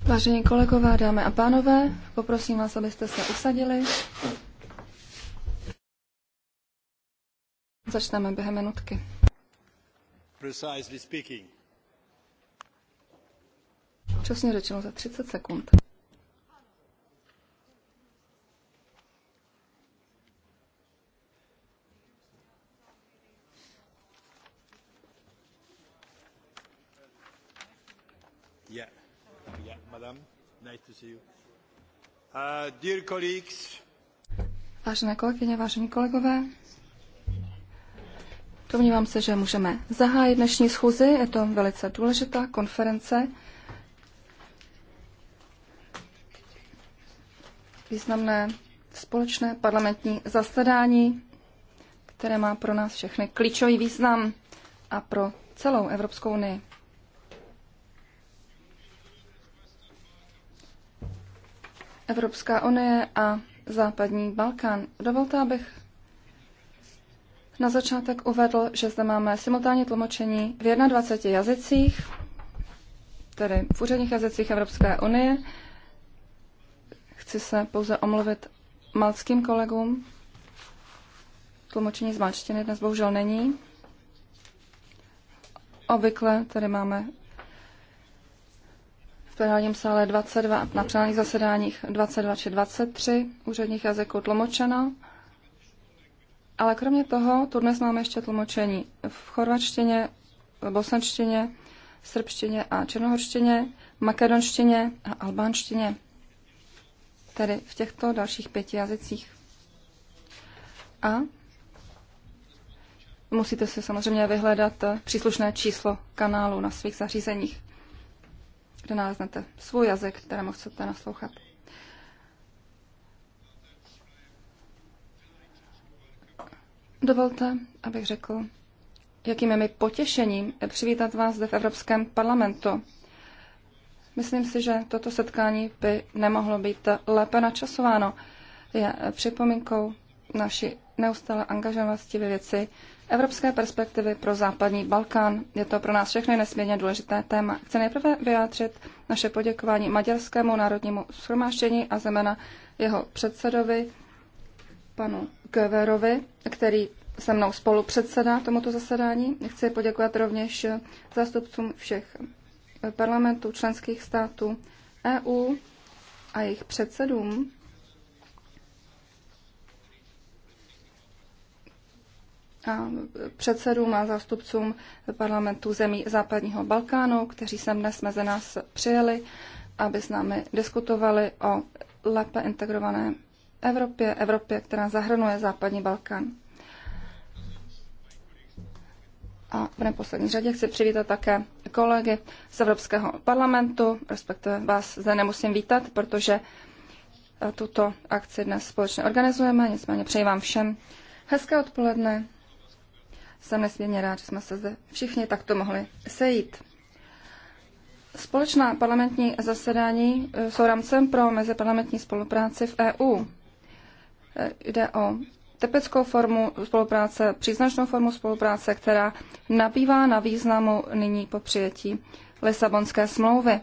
Vážení kolegové, dámy a pánové, poprosím vás, abyste se usadili. Začneme během minutky. Přesně řečeno za 30 sekund. Uh, Vážené kolegyně, vážení kolegové, domnívám se, že můžeme zahájit dnešní schůzi. Je to velice důležitá konference. Významné společné parlamentní zasedání, které má pro nás všechny klíčový význam a pro celou Evropskou unii. Evropská unie a západní Balkán. Dovolte, abych na začátek uvedl, že zde máme simultánní tlumočení v 21 jazycích, tedy v úředních jazycích Evropské unie. Chci se pouze omluvit malckým kolegům. Tlumočení z malčtiny dnes bohužel není. Obvykle tady máme plenárním sále 22, na plenárních zasedáních 22 či 23 úředních jazyků tlumočeno. Ale kromě toho, tu dnes máme ještě tlumočení v chorvačtině, v bosančtině, srbštině a černohorštině, makedonštině a albánštině. Tedy v těchto dalších pěti jazycích. A musíte si samozřejmě vyhledat příslušné číslo kanálu na svých zařízeních kde naleznete svůj jazyk, kterému chcete naslouchat. Dovolte, abych řekl, jakým je mi potěšením přivítat vás zde v Evropském parlamentu. Myslím si, že toto setkání by nemohlo být lépe načasováno. Je připomínkou naší neustále angažovanosti ve věci evropské perspektivy pro západní Balkán. Je to pro nás všechny nesmírně důležité téma. Chci nejprve vyjádřit naše poděkování Maďarskému národnímu shromáždění a zemena jeho předsedovi, panu Köverovi, který se mnou spolu předsedá tomuto zasedání. Chci poděkovat rovněž zástupcům všech parlamentů členských států EU a jejich předsedům předsedům a zástupcům parlamentů zemí západního Balkánu, kteří sem dnes mezi nás přijeli, aby s námi diskutovali o lépe integrované Evropě, Evropě, která zahrnuje západní Balkán. A v neposlední řadě chci přivítat také kolegy z Evropského parlamentu, respektive vás zde nemusím vítat, protože tuto akci dnes společně organizujeme, nicméně přeji vám všem hezké odpoledne, jsem nesmírně rád, že jsme se zde všichni takto mohli sejít. Společná parlamentní zasedání e, jsou rámcem pro meziparlamentní spolupráci v EU. E, jde o typickou formu spolupráce, příznačnou formu spolupráce, která nabývá na významu nyní po přijetí Lisabonské smlouvy.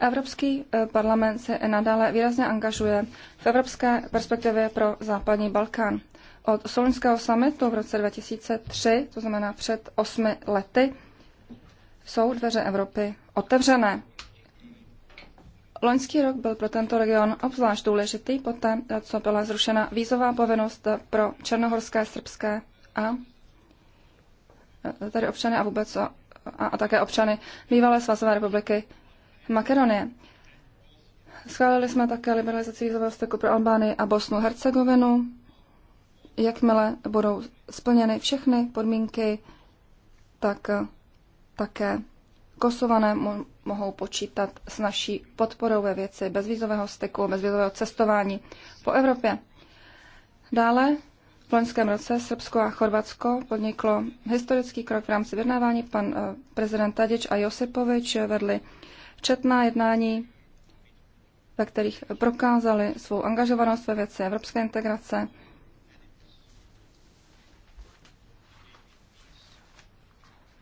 Evropský e, parlament se nadále výrazně angažuje v evropské perspektivě pro západní Balkán od Solinského summitu v roce 2003, to znamená před osmi lety, jsou dveře Evropy otevřené. Loňský rok byl pro tento region obzvlášť důležitý poté, co byla zrušena vízová povinnost pro černohorské, srbské a e, tady občany a vůbec a, a, a také občany bývalé svazové republiky Makedonie. Schválili jsme také liberalizaci vízového styku pro Albánii a Bosnu Hercegovinu, jakmile budou splněny všechny podmínky, tak eh, také Kosované mohou počítat s naší podporou ve věci bezvízového styku, bezvízového cestování po Evropě. Dále v loňském roce Srbsko a Chorvatsko podniklo historický krok v rámci vyjednávání. Pan eh, prezident Tadič a Josipovič vedli četná jednání, ve kterých prokázali svou angažovanost ve věci evropské integrace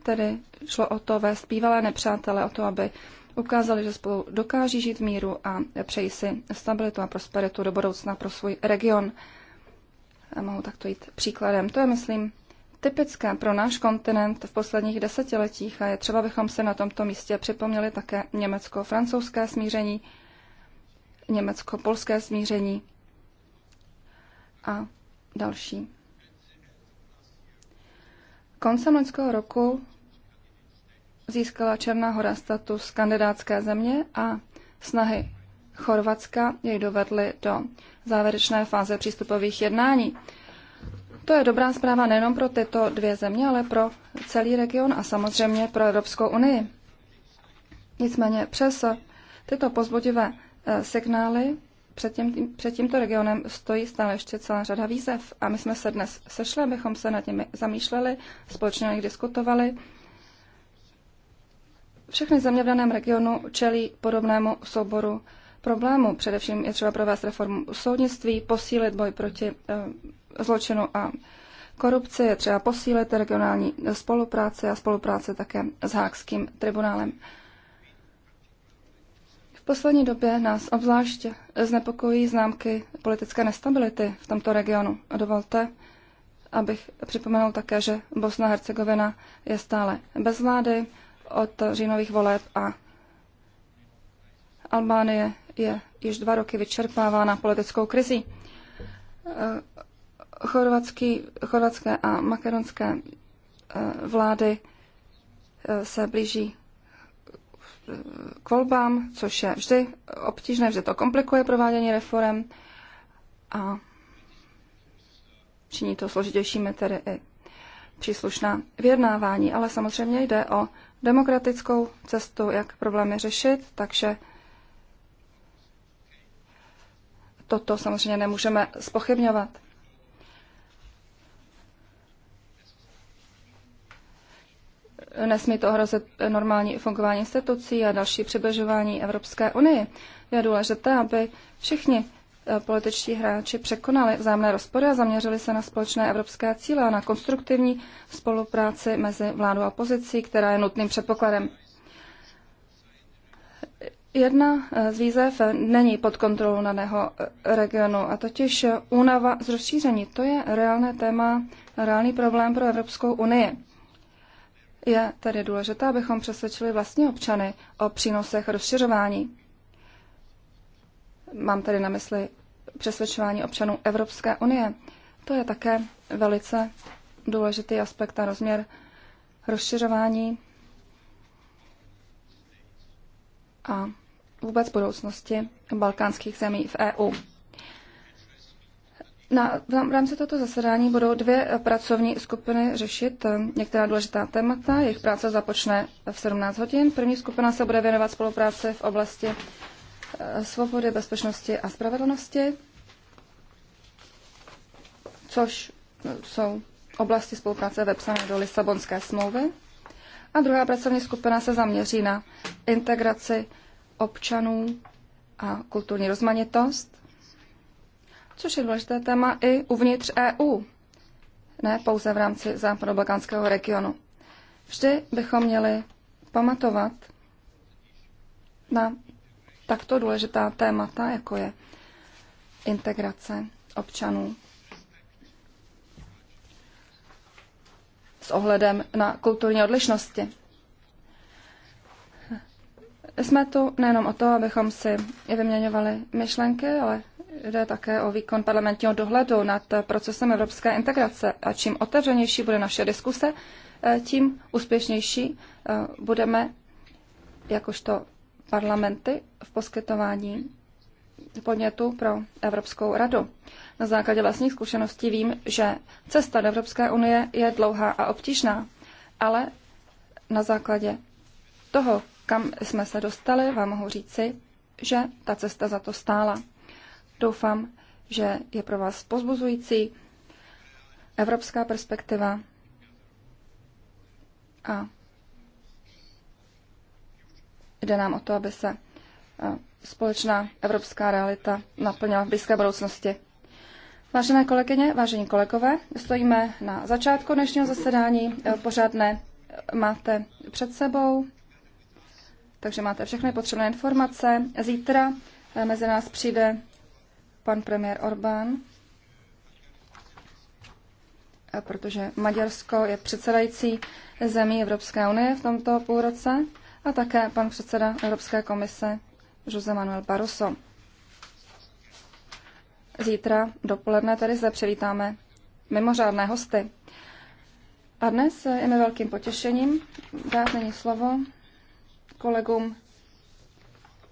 Tedy šlo o to vést bývalé nepřátelé, o to, aby ukázali, že spolu dokáží žít v míru a přeji si stabilitu a prosperitu do budoucna pro svůj region. A mohu takto jít příkladem. To je, myslím, typické pro náš kontinent v posledních desetiletích a je třeba, bychom se na tomto místě připomněli také německo-francouzské smíření, německo-polské smíření a další. Koncem loňského roku získala Černá hora status kandidátské země a snahy Chorvatska jej dovedly do závěrečné fáze přístupových jednání. To je dobrá zpráva nejenom pro tyto dvě země, ale pro celý region a samozřejmě pro Evropskou unii. Nicméně přes tyto pozbudivé eh, signály před, tím, před tímto regionem stojí stále ještě celá řada výzev a my jsme se dnes sešli, abychom se nad nimi zamýšleli, společně diskutovali všechny země v daném regionu čelí podobnému souboru problémů. Především je třeba provést reformu soudnictví, posílit boj proti eh, zločinu a korupci, je třeba posílit regionální spolupráci a spolupráci také s Hákským tribunálem. V poslední době nás obzvlášť znepokojí známky politické nestability v tomto regionu. A dovolte, abych připomenul také, že Bosna-Hercegovina je stále bez vlády, od říjnových voleb a Albánie je již dva roky vyčerpávána politickou krizí. Eh, chorvatský, chorvatské a makedonské eh, vlády eh, se blíží k volbám, což je vždy obtížné, vždy to komplikuje provádění reform a činí to složitějšími tedy i příslušná vyjednávání, ale samozřejmě jde o demokratickou cestu, jak problémy řešit, takže toto samozřejmě nemůžeme spochybňovat. Nesmí to ohrozit normální fungování institucí a další přibližování Evropské unii. Je důležité, aby všichni Eh, političtí hráči překonali vzájemné rozpory a zaměřili se na společné evropské cíle a na konstruktivní spolupráci mezi vládou a opozicí, která je nutným předpokladem. Jedna eh, z výzev není pod kontrolou daného eh, regionu, a totiž únava z rozšíření. To je reálné téma, reálný problém pro Evropskou unii. Je tedy důležité, abychom přesvědčili vlastní občany o přínosech rozšiřování. Mám tady na mysli přesvědčování občanů Evropské unie. To je také velice důležitý aspekt a rozměr rozšiřování a vůbec budoucnosti balkánských zemí v EU. Na, v rámci tohoto zasedání budou dvě pracovní skupiny řešit eh, některá důležitá témata. Jejich práce započne v 17 hodin. První skupina se bude věnovat spolupráci v oblasti svobody, bezpečnosti a spravedlnosti, což jsou oblasti spolupráce vepsané do Lisabonské smlouvy. A druhá pracovní skupina se zaměří na integraci občanů a kulturní rozmanitost, což je důležité téma i uvnitř EU, ne pouze v rámci západobalkánského regionu. Vždy bychom měli pamatovat na takto důležitá témata, jako je integrace občanů s ohledem na kulturní odlišnosti. Jsme tu nejenom o to, abychom si vyměňovali myšlenky, ale jde také o výkon parlamentního dohledu nad procesem evropské integrace. A čím otevřenější bude naše diskuse, eh, tím úspěšnější eh, budeme jakožto parlamenty v poskytování podnětu pro Evropskou radu. Na základě vlastních zkušeností vím, že cesta do Evropské unie je dlouhá a obtížná, ale na základě toho, kam jsme se dostali, vám mohu říci, že ta cesta za to stála. Doufám, že je pro vás pozbuzující evropská perspektiva a Jde nám o to, aby se eh, společná evropská realita naplnila v blízké budoucnosti. Vážené kolegyně, vážení kolegové, stojíme na začátku dnešního zasedání. Eh, pořádné eh, máte před sebou, takže máte všechny potřebné informace. Zítra mezi nás přijde pan premiér Orbán, protože Maďarsko je předsedající zemí Evropské unie v tomto půlroce a také pan předseda Evropské komise Jose Manuel Barroso. Zítra dopoledne tady zde přivítáme mimořádné hosty. A dnes je mi velkým potěšením dát nyní slovo kolegům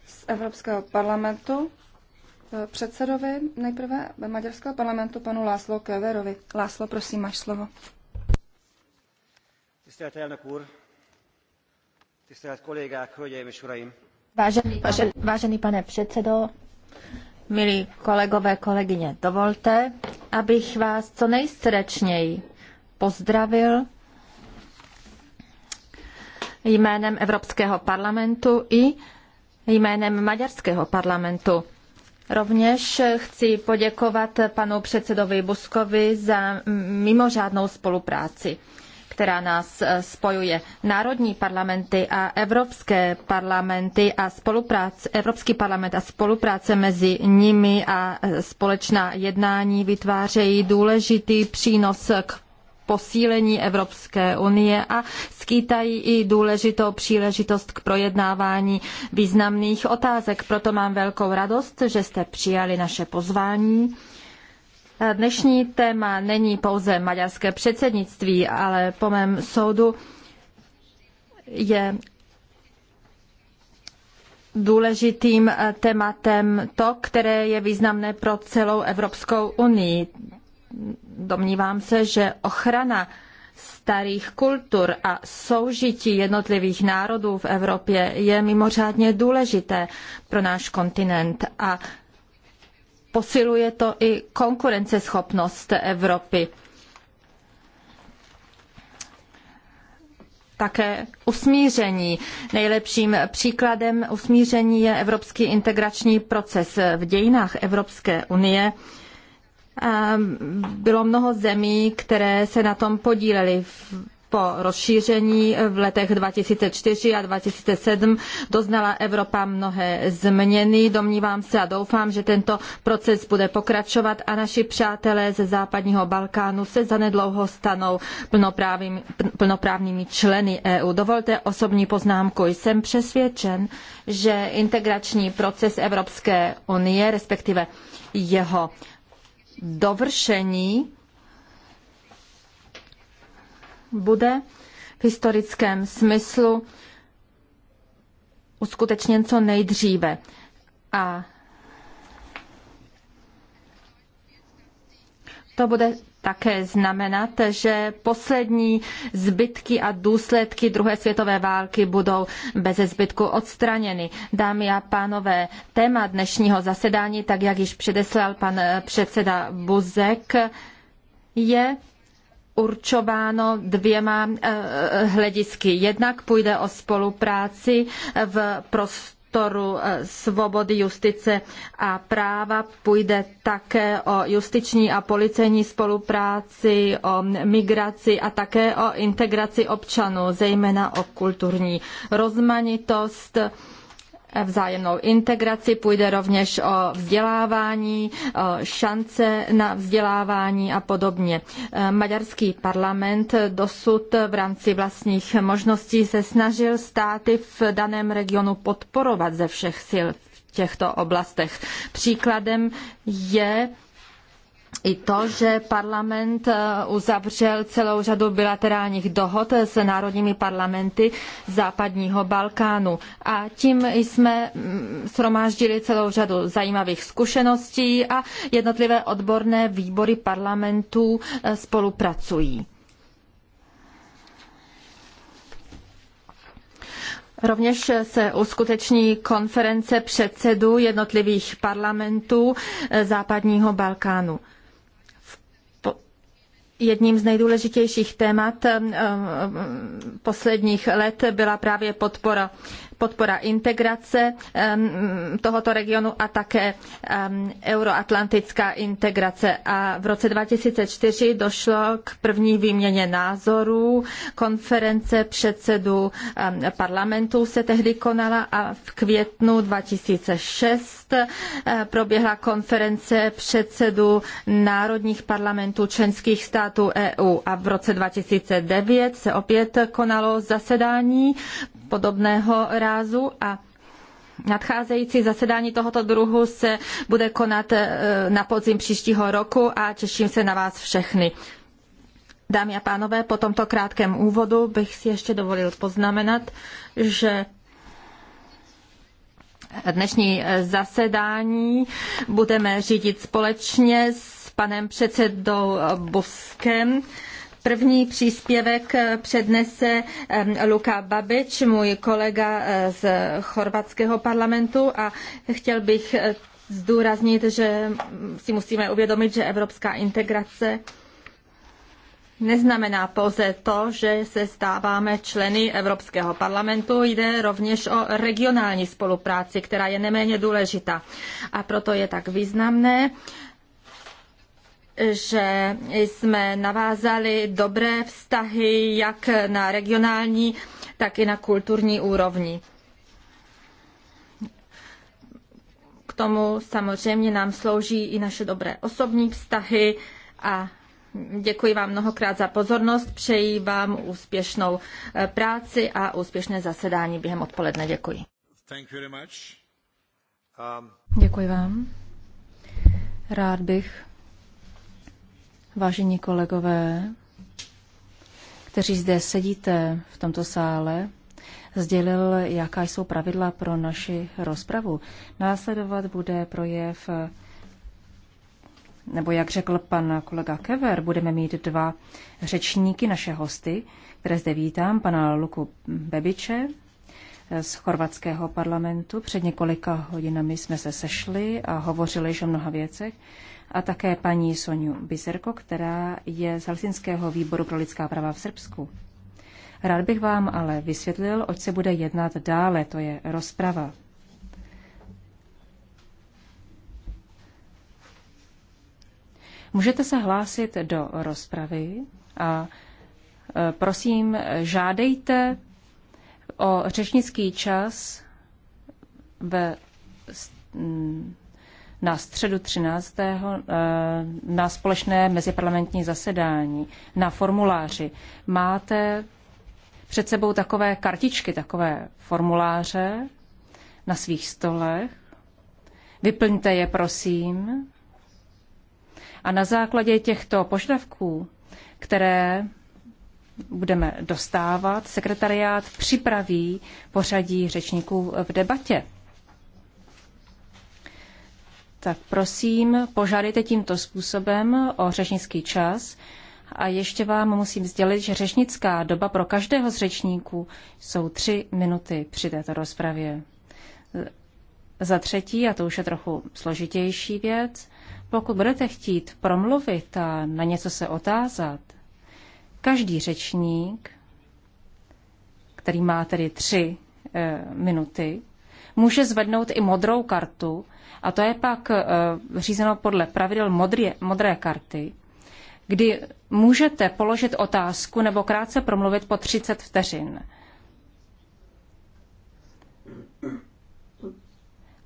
z Evropského parlamentu, eh, předsedovi nejprve Maďarského parlamentu, panu Láslo Köverovi. Láslo, prosím, máš slovo. Vážený, pane předsedo, milí kolegové, kolegyně, dovolte, abych vás co nejsrdečněji pozdravil jménem Evropského parlamentu i jménem Maďarského parlamentu. Rovněž chci poděkovat panu předsedovi Buskovi za mimořádnou spolupráci která nás eh, spojuje. Národní parlamenty a evropské parlamenty a spolupráce, Evropský parlament a spolupráce mezi nimi a eh, společná jednání vytvářejí důležitý přínos k posílení Evropské unie a skýtají i důležitou příležitost k projednávání významných otázek. Proto mám velkou radost, že jste přijali naše pozvání Dnešní téma není pouze maďarské předsednictví, ale po mém soudu je důležitým eh, tématem to, které je významné pro celou Evropskou unii. Domnívám se, že ochrana starých kultur a soužití jednotlivých národů v Evropě je mimořádně důležité pro náš kontinent a posiluje to i konkurenceschopnost Evropy. také usmíření. Nejlepším příkladem usmíření je evropský integrační proces. V dějinách Evropské unie bylo mnoho zemí, které se na tom podílely. V po rozšíření v letech 2004 a 2007 doznala Evropa mnohé změny. Domnívám se a doufám, že tento proces bude pokračovat a naši přátelé ze západního Balkánu se zanedlouho stanou plnoprávnými, plnoprávnými členy EU. Dovolte osobní poznámku. Jsem přesvědčen, že integrační proces Evropské unie, respektive jeho dovršení, bude v historickém smyslu uskutečněn co nejdříve. A to bude také znamenat, že poslední zbytky a důsledky druhé světové války budou bez zbytku odstraněny. Dámy a pánové, téma dnešního zasedání, tak jak již předeslal pan eh, předseda Buzek, je určováno dvěma eh, eh, hledisky. Jednak půjde o spolupráci v prostoru eh, svobody, justice a práva. Půjde také o justiční a policejní spolupráci, o migraci a také o integraci občanů, zejména o kulturní rozmanitost, vzájemnou integraci, půjde rovněž o vzdělávání, o šance na vzdělávání a podobně. Maďarský parlament dosud v rámci vlastních možností se snažil státy v daném regionu podporovat ze všech sil v těchto oblastech. Příkladem je i to, že parlament eh, uzavřel celou řadu bilaterálních dohod s národními parlamenty západního Balkánu. A tím jsme mm, shromáždili celou řadu zajímavých zkušeností a jednotlivé odborné výbory parlamentů eh, spolupracují. Rovněž se uskuteční konference předsedů jednotlivých parlamentů eh, západního Balkánu. Jedním z nejdůležitějších témat eh, eh, posledních let byla právě podpora podpora integrace tohoto regionu a také euroatlantická integrace. A v roce 2004 došlo k první výměně názorů. Konference předsedů parlamentů se tehdy konala a v květnu 2006 eh, proběhla konference předsedů národních parlamentů členských států EU a v roce 2009 se opět konalo zasedání podobného rázu a Nadcházející zasedání tohoto druhu se bude konat e, na podzim příštího roku a těším se na vás všechny. Dámy a pánové, po tomto krátkém úvodu bych si ještě dovolil poznamenat, že dnešní zasedání budeme řídit společně s panem předsedou Buskem. První příspěvek přednese Luka Babič, můj kolega eh, z chorvatského parlamentu a chtěl bych eh, zdůraznit, že si musíme uvědomit, že evropská integrace neznamená pouze to, že se stáváme členy Evropského parlamentu, jde rovněž o regionální spolupráci, která je neméně důležitá. A proto je tak významné, že jsme navázali dobré vztahy jak na regionální, tak i na kulturní úrovni. K tomu samozřejmě nám slouží i naše dobré osobní vztahy a děkuji vám mnohokrát za pozornost. Přeji vám úspěšnou eh, práci a úspěšné zasedání během odpoledne. Děkuji. Um, děkuji vám. Rád bych Vážení kolegové, kteří zde sedíte v tomto sále, sdělil, jaká jsou pravidla pro naši rozpravu. Následovat bude projev, nebo jak řekl pan kolega Kever, budeme mít dva řečníky, naše hosty, které zde vítám, pana Luku Bebiče, z chorvatského parlamentu. Před několika hodinami jsme se sešli a hovořili již o mnoha věcech a také paní Soniu Biserko, která je z Helsinského výboru pro lidská práva v Srbsku. Rád bych vám ale vysvětlil, oč se bude jednat dále, to je rozprava. Můžete se hlásit do rozpravy a e, prosím, žádejte o řečnický čas ve na středu 13. Eh, na společné meziparlamentní zasedání. Na formuláři máte před sebou takové kartičky, takové formuláře na svých stolech. Vyplňte je, prosím. A na základě těchto požadavků, které budeme dostávat, sekretariát připraví pořadí řečníků v debatě. Tak prosím, požádejte tímto způsobem o řečnický čas. A ještě vám musím sdělit, že řečnická doba pro každého z řečníků jsou tři minuty při této rozpravě. Za třetí, a to už je trochu složitější věc, pokud budete chtít promluvit a na něco se otázat, každý řečník, který má tedy tři e, minuty, může zvednout i modrou kartu a to je pak eh, řízeno podle pravidel modré, modré karty, kdy můžete položit otázku nebo krátce promluvit po 30 vteřin.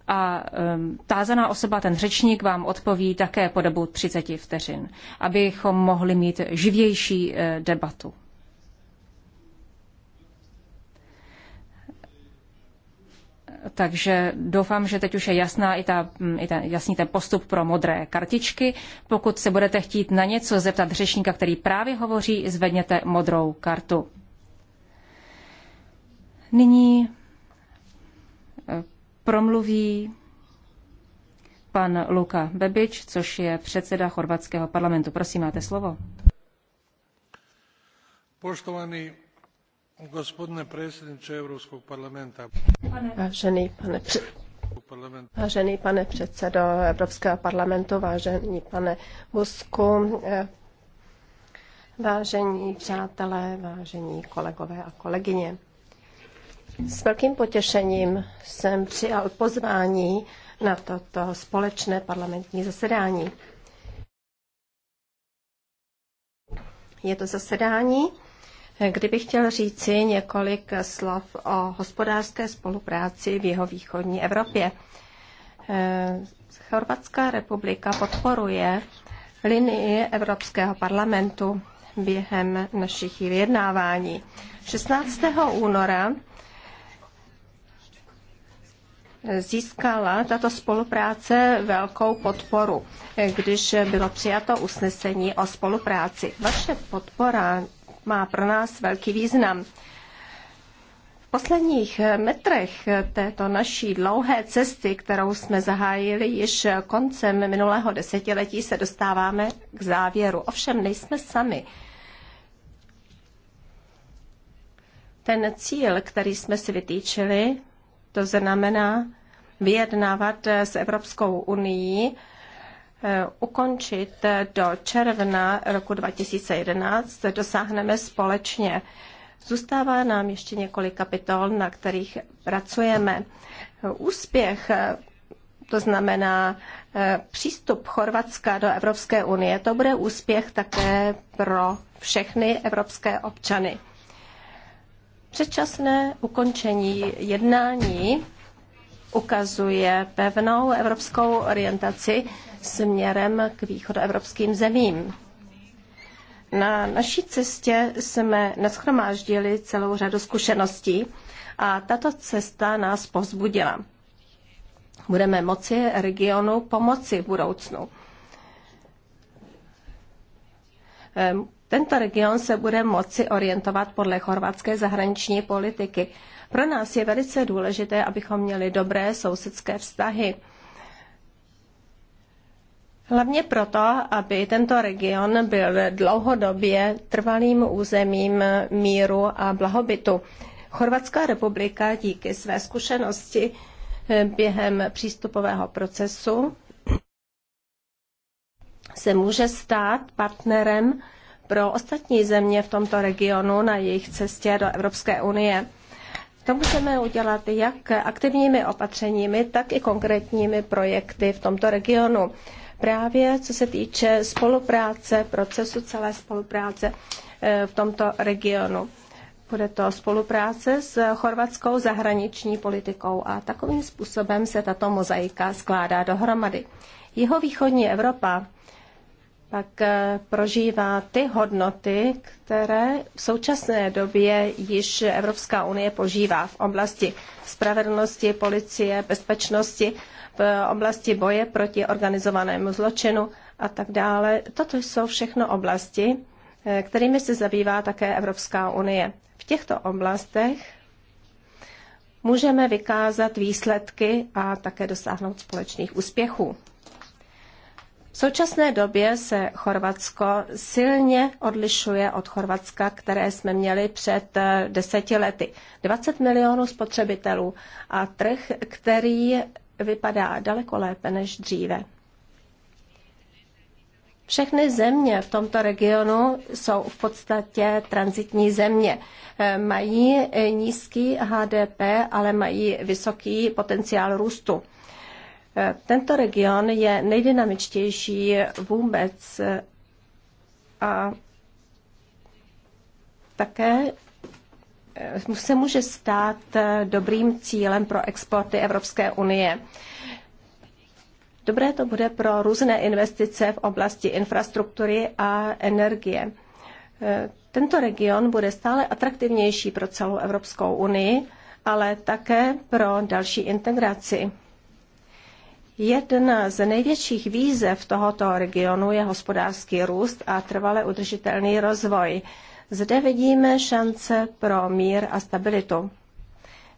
a um, tázaná osoba, ten řečník, vám odpoví také po dobu 30 vteřin, abychom mohli mít živější eh, debatu. Takže doufám, že teď už je jasná i, ta, mm, i ten, jasný ten postup pro modré kartičky. Pokud se budete chtít na něco zeptat řečníka, který právě hovoří, zvedněte modrou kartu. Nyní eh, promluví pan Luka Bebič, což je předseda chorvatského parlamentu. Prosím, máte slovo. Poštovaný Vážený pane, před... vážený pane předsedo Evropského parlamentu, vážený pane Busku, eh, vážení přátelé, vážení kolegové a kolegyně. S velkým potěšením jsem přijal pozvání na toto společné parlamentní zasedání. Je to zasedání, Kdybych chtěl říci několik slov o hospodářské spolupráci v jeho východní Evropě. Eh, Chorvatská republika podporuje linii Evropského parlamentu během našich vyjednávání. 16. února získala tato spolupráce velkou podporu, když bylo přijato usnesení o spolupráci. Vaše podpora má pro nás velký význam. V posledních metrech této naší dlouhé cesty, kterou jsme zahájili již koncem minulého desetiletí, se dostáváme k závěru. Ovšem nejsme sami. Ten cíl, který jsme si vytýčili, to znamená vyjednávat s Evropskou unii, Eh, ukončit eh, do června roku 2011, dosáhneme společně. Zůstává nám ještě několik kapitol, na kterých pracujeme. Úspěch eh, to znamená přístup Chorvatska do Evropské unie, to bude úspěch také pro všechny evropské občany. Předčasné ukončení jednání ukazuje pevnou evropskou orientaci směrem k východoevropským zemím. Na naší cestě jsme nashromáždili celou řadu zkušeností a tato cesta nás povzbudila. Budeme moci regionu pomoci v budoucnu. Ehm, tento region se bude moci orientovat podle chorvatské zahraniční politiky. Pro nás je velice důležité, abychom měli dobré sousedské vztahy. Hlavně proto, aby tento region byl dlouhodobě trvalým územím míru a blahobytu. Chorvatská republika díky své zkušenosti eh, během přístupového procesu se může stát partnerem pro ostatní země v tomto regionu na jejich cestě do Evropské unie. To můžeme udělat jak aktivními opatřeními, tak i konkrétními projekty v tomto regionu právě co se týče spolupráce, procesu celé spolupráce eh, v tomto regionu. Bude to spolupráce s chorvatskou zahraniční politikou a takovým způsobem se tato mozaika skládá dohromady. Jeho východní Evropa pak eh, prožívá ty hodnoty, které v současné době již Evropská unie požívá v oblasti spravedlnosti, policie, bezpečnosti v oblasti boje proti organizovanému zločinu a tak dále. Toto jsou všechno oblasti, eh, kterými se zabývá také Evropská unie. V těchto oblastech můžeme vykázat výsledky a také dosáhnout společných úspěchů. V současné době se Chorvatsko silně odlišuje od Chorvatska, které jsme měli před eh, deseti lety. 20 milionů spotřebitelů a trh, který vypadá daleko lépe než dříve. Všechny země v tomto regionu jsou v podstatě transitní země. Eh, mají nízký HDP, ale mají vysoký potenciál růstu. Eh, tento region je nejdynamičtější vůbec eh, a také se může stát eh, dobrým cílem pro exporty Evropské unie. Dobré to bude pro různé investice v oblasti infrastruktury a energie. Eh, tento region bude stále atraktivnější pro celou Evropskou unii, ale také pro další integraci. Jedna z největších výzev tohoto regionu je hospodářský růst a trvale udržitelný rozvoj. Zde vidíme šance pro mír a stabilitu.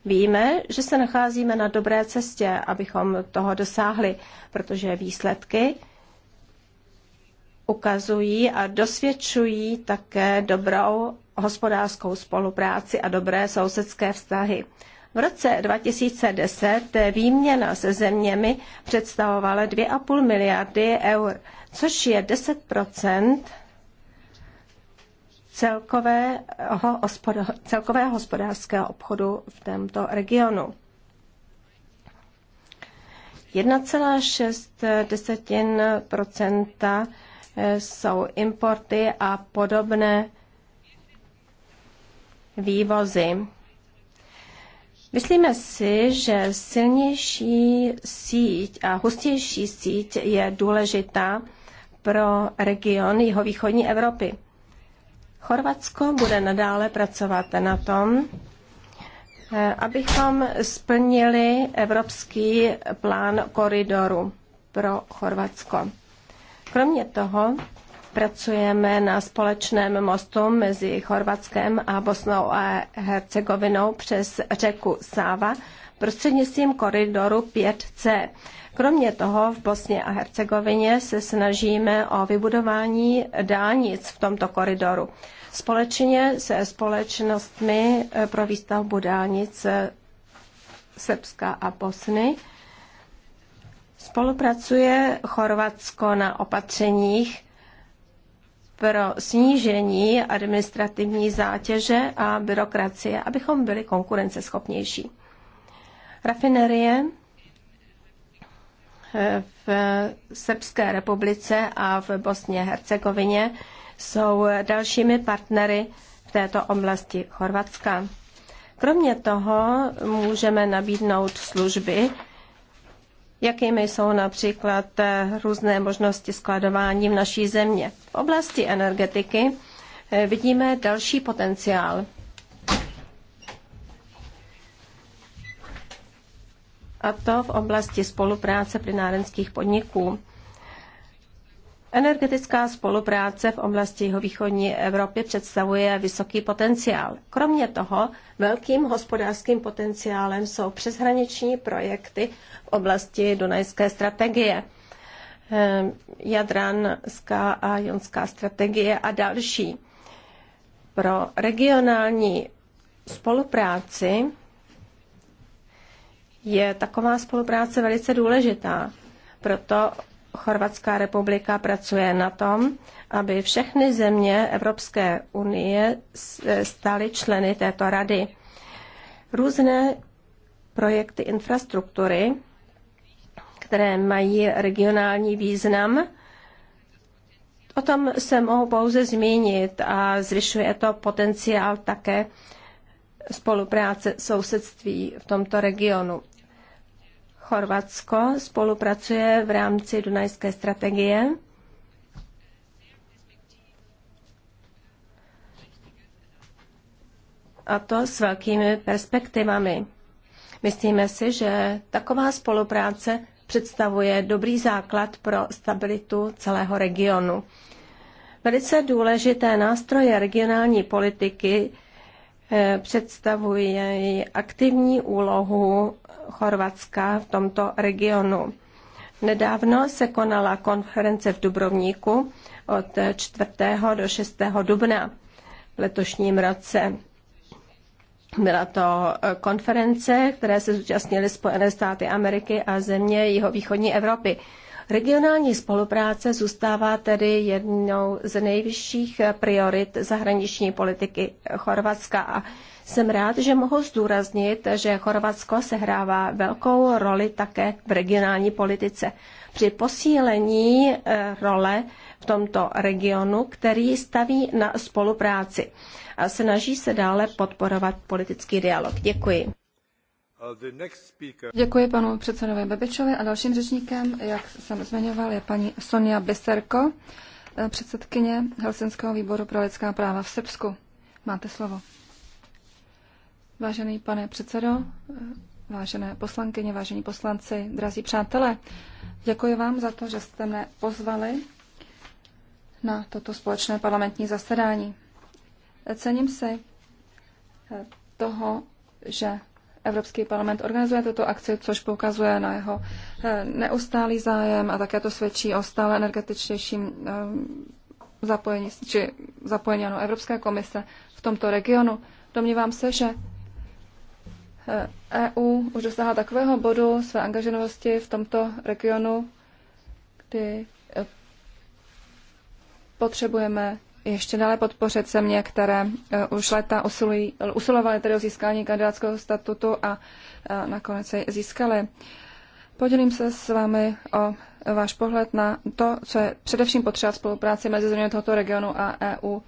Víme, že se nacházíme na dobré cestě, abychom toho dosáhli, protože výsledky ukazují a dosvědčují také dobrou hospodářskou spolupráci a dobré sousedské vztahy. V roce 2010 výměna se zeměmi představovala 2,5 miliardy eur, což je 10 celkového, celkového hospodářského obchodu v tomto regionu. 1,6 eh, jsou importy a podobné vývozy. Myslíme si, že silnější síť a hustější síť je důležitá pro region jihovýchodní Evropy. Chorvatsko bude nadále pracovat na tom, eh, abychom splnili evropský plán koridoru pro Chorvatsko. Kromě toho pracujeme na společném mostu mezi Chorvatskem a Bosnou a Hercegovinou přes řeku Sáva prostřednictvím koridoru 5C. Kromě toho v Bosně a Hercegovině se snažíme o vybudování dálnic v tomto koridoru. Společně se společnostmi eh, pro výstavbu dálnic eh, Srbska a Bosny spolupracuje Chorvatsko na opatřeních pro snížení administrativní zátěže a byrokracie, abychom byli konkurenceschopnější. Rafinerie v Srbské republice a v Bosně Hercegovině jsou dalšími partnery v této oblasti Chorvatska. Kromě toho můžeme nabídnout služby, jakými jsou například různé možnosti skladování v naší země. V oblasti energetiky vidíme další potenciál. a to v oblasti spolupráce plynárenských podniků. Energetická spolupráce v oblasti jihovýchodní Evropy představuje vysoký potenciál. Kromě toho, velkým hospodářským potenciálem jsou přeshraniční projekty v oblasti Dunajské strategie, eh, Jadranská a Jonská strategie a další. Pro regionální spolupráci je taková spolupráce velice důležitá. Proto Chorvatská republika pracuje na tom, aby všechny země Evropské unie e, staly členy této rady. Různé projekty infrastruktury, které mají regionální význam, o tom se mohou pouze zmínit a zvyšuje to potenciál také spolupráce sousedství v tomto regionu. Chorvatsko spolupracuje v rámci Dunajské strategie. A to s velkými perspektivami. Myslíme si, že taková spolupráce představuje dobrý základ pro stabilitu celého regionu. Velice důležité nástroje regionální politiky eh, představují aktivní úlohu Chorvatska v tomto regionu. Nedávno se konala konference v Dubrovníku od 4. do 6. dubna v letošním roce. Byla to eh, konference, které se zúčastnily Spojené státy Ameriky a země jeho východní Evropy. Regionální spolupráce zůstává tedy jednou z nejvyšších priorit zahraniční politiky Chorvatska a jsem rád, že mohu zdůraznit, že Chorvatsko sehrává velkou roli také v regionální politice. Při posílení eh, role v tomto regionu, který staví na spolupráci a snaží se dále podporovat politický dialog. Děkuji. Uh, Děkuji panu předsedovi Bebičovi a dalším řečníkem, jak jsem zmiňoval, je paní Sonia Biserko, eh, předsedkyně Helsinského výboru pro lidská práva v Srbsku. Máte slovo. Vážený pane předsedo, vážené poslankyně, vážení poslanci, drazí přátelé, děkuji vám za to, že jste mě pozvali na toto společné parlamentní zasedání. Cením si eh, toho, že Evropský parlament organizuje tuto akci, což poukazuje na jeho eh, neustálý zájem a také to svědčí o stále energetičtějším eh, zapojení, či zapojení ano, Evropské komise v tomto regionu. Domnívám se, že EU eh, e už dosáhla takového bodu své angažovanosti v tomto regionu, kdy eh, potřebujeme ještě dále podpořit země, které eh, už leta usilují, usilovaly tedy o získání kandidátského statutu a nakonec jej získaly. Podělím se s vámi o váš pohled na to, co je především potřeba spolupráci mezi zeměmi tohoto regionu a EU.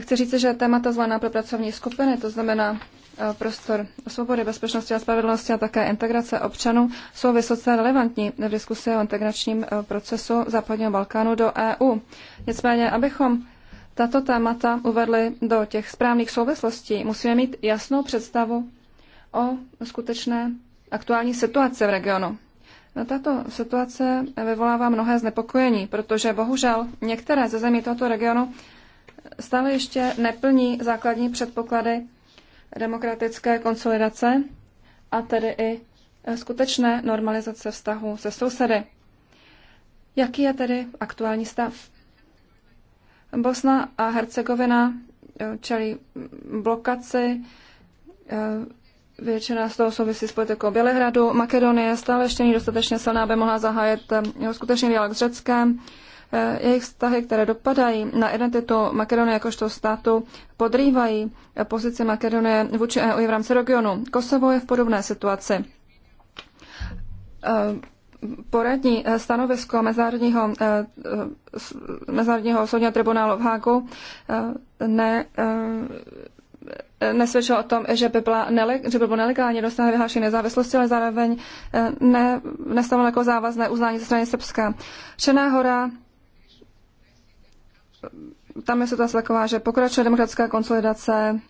Chci říct, že témata zvolená pro pracovní skupiny, to znamená eh, prostor svobody, bezpečnosti a spravedlnosti a také integrace občanů, jsou vysoce relevantní v diskusi o integračním eh, procesu západního Balkánu do EU. Nicméně, abychom tato témata uvedli do těch správných souvislostí, musíme mít jasnou představu o skutečné aktuální situaci v regionu. No, tato situace vyvolává mnohé znepokojení, protože bohužel některé ze zemí tohoto regionu stále ještě neplní základní předpoklady demokratické konsolidace a tedy i skutečné normalizace vztahu se sousedy. Jaký je tedy aktuální stav? Bosna a Hercegovina eh, čelí blokaci, eh, většina z toho souvisí s politikou Bělehradu. Makedonie stále ještě není dostatečně silná, aby mohla zahájit eh, skutečný dialog s Řeckem. Eh, jejich vztahy, které dopadají na identitu Makedonie jakožto státu, podrývají eh, pozici Makedonie vůči EU i v rámci regionu. Kosovo je v podobné situaci. Eh, poradní stanovisko Mezinárodního, Mezinárodního soudního tribunálu v Hágu ne, nesvědčilo o tom, že by, byla nele, že by bylo nelegálně dostané vyhlášení nezávislosti, ale zároveň ne, nestalo jako závazné uznání ze strany Srbska. Černá hora tam je situace taková, že pokračuje demokratická konsolidace,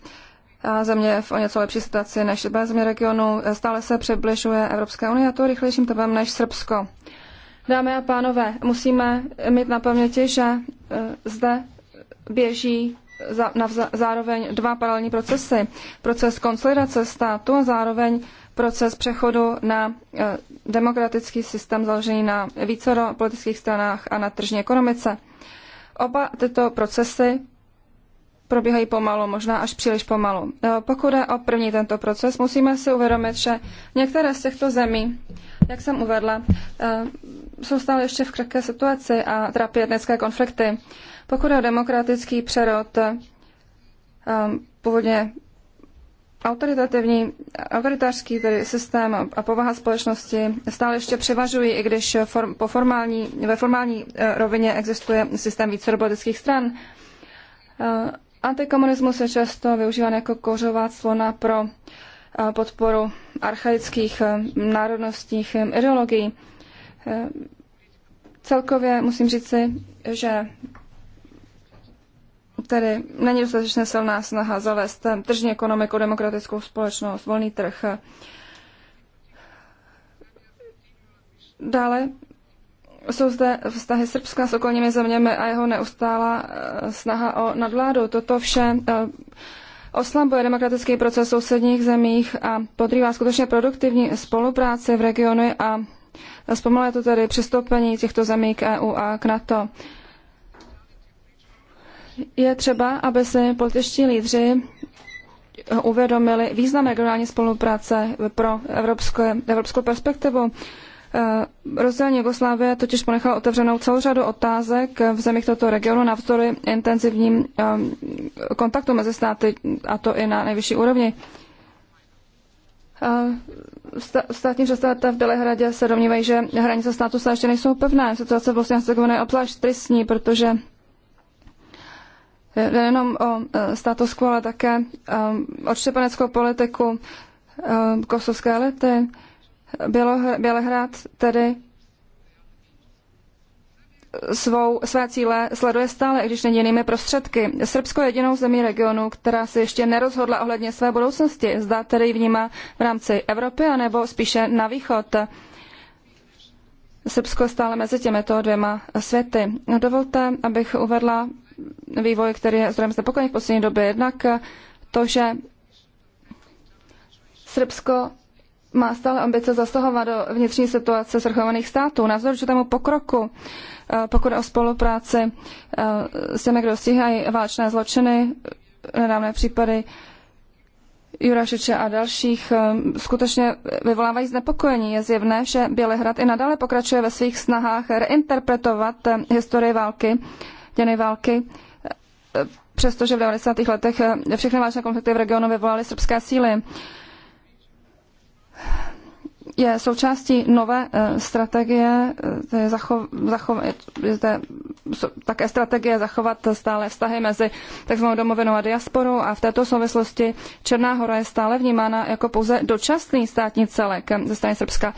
a země v o něco lepší situaci než byla země regionu. Stále se přibližuje Evropské unie a to rychlejším tempem než Srbsko. Dámy a pánové, musíme mít na paměti, že e, zde běží za, navza, zároveň dva paralelní procesy. Proces konsolidace státu a zároveň proces přechodu na e, demokratický systém založený na více politických stranách a na tržní ekonomice. Oba tyto procesy probíhají pomalu, možná až příliš pomalu. E, pokud je o první tento proces, musíme si uvědomit, že některé z těchto zemí, jak jsem uvedla, e, jsou stále ještě v krké situaci a trápí etnické konflikty. Pokud je o demokratický přerod, e, původně Autoritativní, autoritářský tedy systém a povaha společnosti stále ještě převažují, i když form, po formální, ve formální eh, rovině existuje systém více robotických stran. Eh, antikomunismus je často využíván jako kořová clona pro eh, podporu archaických národnostních ideologií. Celkově musím říci, že tedy není dostatečně silná snaha zavést tržní ekonomiku, demokratickou společnost, volný trh. Dále jsou zde vztahy Srbska s okolními zeměmi a jeho neustálá eh, snaha o nadvládu. Toto vše eh, oslabuje demokratický proces v sousedních zemích a podrývá skutečně produktivní spolupráci v regionu a zpomaluje to tedy přistoupení těchto zemí k EU a k NATO. Je třeba, aby si političtí lídři uvědomili význam regionální spolupráce pro evropské, evropskou perspektivu. Eh, rozdělení Jugoslávie totiž ponechal otevřenou celou řadu otázek v zemích tohoto regionu navzdory intenzivním eh, kontaktu mezi státy, a to i na nejvyšší úrovni. Eh, státní představitelé v Bělehradě se domnívají, že hranice státu se ještě nejsou pevné. Situace v Bosně a Hercegovině je obzvlášť tristní, protože Eh, nejenom jenom o eh, status quo, ale také eh, odštěpeneckou politiku kosovské elity. Bělehrad tedy svou, své cíle sleduje stále, i když není jinými prostředky. Srbsko je jedinou zemí regionu, která se ještě nerozhodla ohledně své budoucnosti. Zda tedy ji vnímá v rámci Evropy, anebo spíše na východ. Srbsko stále mezi těmito dvěma světy. Dovolte, abych uvedla vývoj, který je zdrojem znepokojení v poslední době. Jednak to, že Srbsko má stále ambice zasahovat do vnitřní situace zrchovaných států. Navzdory určitému pokroku, eh, pokud o spolupráci eh, s těmi, kdo stíhají válečné zločiny, nedávné případy Jurašiče a dalších, eh, skutečně vyvolávají znepokojení. Je zjevné, že Bělehrad i nadále pokračuje ve svých snahách reinterpretovat historii války děny války. Přestože v 90. letech všechny vážné konflikty v regionu vyvolaly srbské síly je součástí nové eh, strategie, eh, to je, zachov, zachov, je to také strategie zachovat stále vztahy mezi takzvanou domovinou a diasporou a v této souvislosti Černá hora je stále vnímána jako pouze dočasný státní celek eh, ze strany Srbska.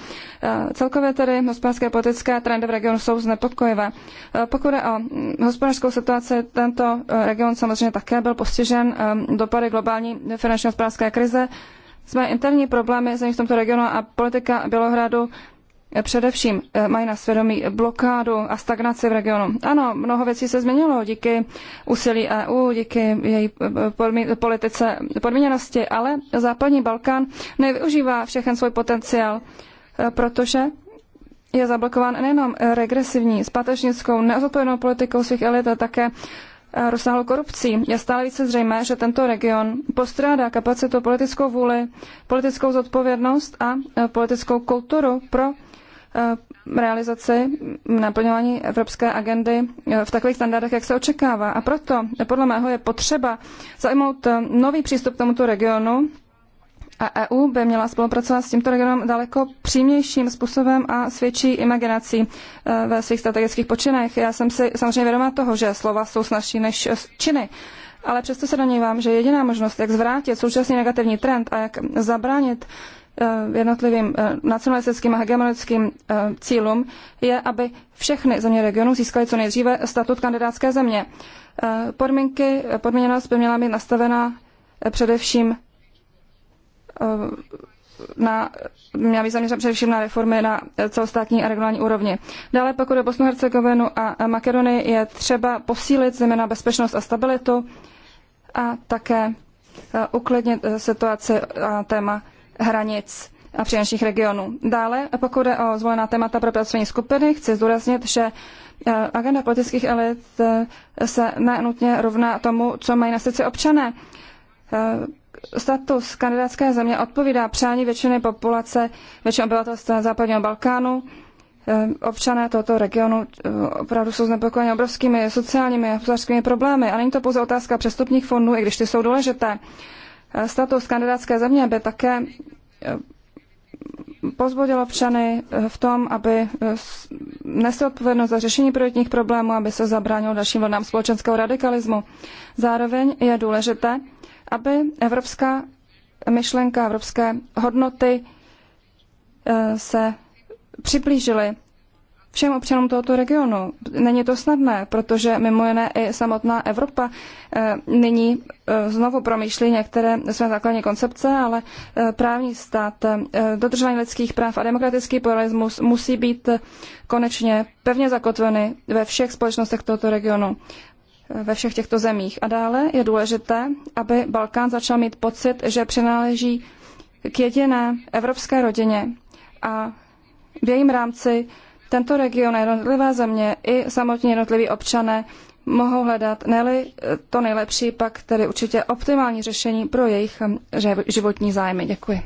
Celkově tedy hospodářské a politické trendy v regionu jsou znepokojivé. Pokud je o hm, hospodářskou situaci, tento region samozřejmě také byl postižen dopady globální finanční hospodářské krize, své interní problémy zemí v tomto regionu a politika Bělohradu eh, především eh, mají na svědomí blokádu a stagnaci v regionu. Ano, mnoho věcí se změnilo díky úsilí EU, díky její eh, politice podmíněnosti, ale západní Balkán nevyužívá všechen svůj potenciál, protože je zablokován nejenom regresivní, zpátečnickou, nezodpovědnou politikou svých elit, ale také Eh, rozsáhlou korupcí. Je stále více zřejmé, že tento region postrádá kapacitu politickou vůli, politickou zodpovědnost a eh, politickou kulturu pro eh, realizaci mm, naplňování evropské agendy v takových standardech, jak se očekává. A proto podle mého je potřeba zajmout nový přístup k tomuto regionu, a EU by měla spolupracovat s tímto regionem daleko přímějším způsobem a s větší imaginací e, ve svých strategických počinech. Já jsem si samozřejmě vědomá toho, že slova jsou snažší než činy, ale přesto se domnívám, že jediná možnost, jak zvrátit současný negativní trend a jak zabránit e, jednotlivým e, nacionalistickým a hegemonickým cílům je, aby všechny země regionu získaly co nejdříve statut kandidátské země. Podmínky, podmíněnost by měla být nastavena především Eh, na, měla by zaměřit především na reformy na celostátní a regionální úrovni. Dále pokud o Bosnu Hercegovinu a Makedonii je třeba posílit zejména bezpečnost a stabilitu a také eh, uklidnit eh, situaci a téma hranic a přinejších regionů. Dále, pokud je o zvolená témata pro pracovní skupiny, chci zdůraznit, že agenda politických elit se nenutně rovná tomu, co mají na srdci občané status kandidátské země odpovídá přání většiny populace, většiny obyvatelstva západního Balkánu. Eh, občané tohoto regionu eh, opravdu jsou znepokojeni obrovskými sociálními a hospodářskými problémy. A není to pouze otázka přestupních fondů, i když ty jsou důležité. Eh, status kandidátské země by také pozbudil občany v tom, aby nesli odpovědnost za řešení prioritních problémů, aby se zabránilo dalším vlnám společenského radikalismu. Zároveň je důležité, aby evropská myšlenka, evropské hodnoty eh, se přiblížily všem občanům tohoto regionu. Není to snadné, protože mimo jiné i samotná Evropa eh, nyní eh, znovu promýšlí některé své základní koncepce, ale právní stát, dodržování lidských práv a demokratický pluralismus musí být konečně pevně zakotveny ve všech společnostech tohoto regionu ve všech těchto zemích. A dále je důležité, aby Balkán začal mít pocit, že přináleží k jediné evropské rodině a v jejím rámci tento region, jednotlivé země i samotní jednotliví občané mohou hledat, ne eh, to nejlepší, pak tedy určitě optimální řešení pro jejich hm, životní zájmy. Děkuji.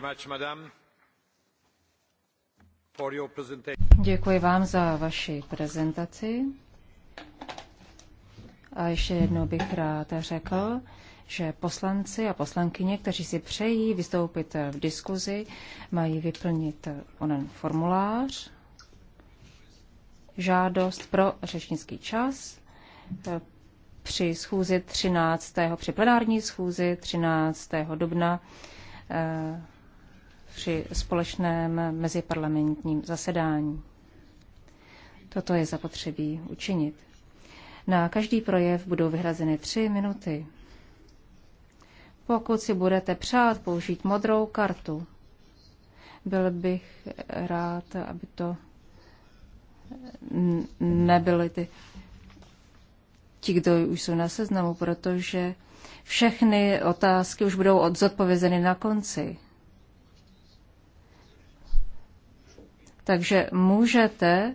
Much, Děkuji vám za vaši prezentaci. A ještě jednou bych rád řekl, že poslanci a poslankyně, kteří si přejí vystoupit v diskuzi, mají vyplnit onen formulář, žádost pro řečnický čas při schůzi 13. při plenární schůzi 13. dubna eh, při společném meziparlamentním zasedání. Toto je zapotřebí učinit. Na každý projev budou vyhrazeny tři minuty. Pokud si budete přát použít modrou kartu, byl bych rád, aby to nebyly ty, ti, kdo už jsou na seznamu, protože všechny otázky už budou odzodpovězeny na konci. Takže můžete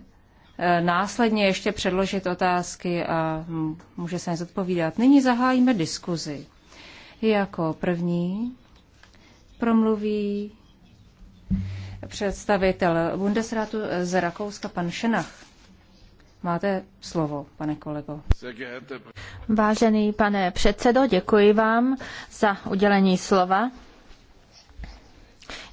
eh, následně ještě předložit otázky a může se zodpovídat. Nyní zahájíme diskuzi. Jako první promluví představitel Bundesrátu z Rakouska, pan Šenach. Máte slovo, pane kolego. Vážený pane předsedo, děkuji vám za udělení slova.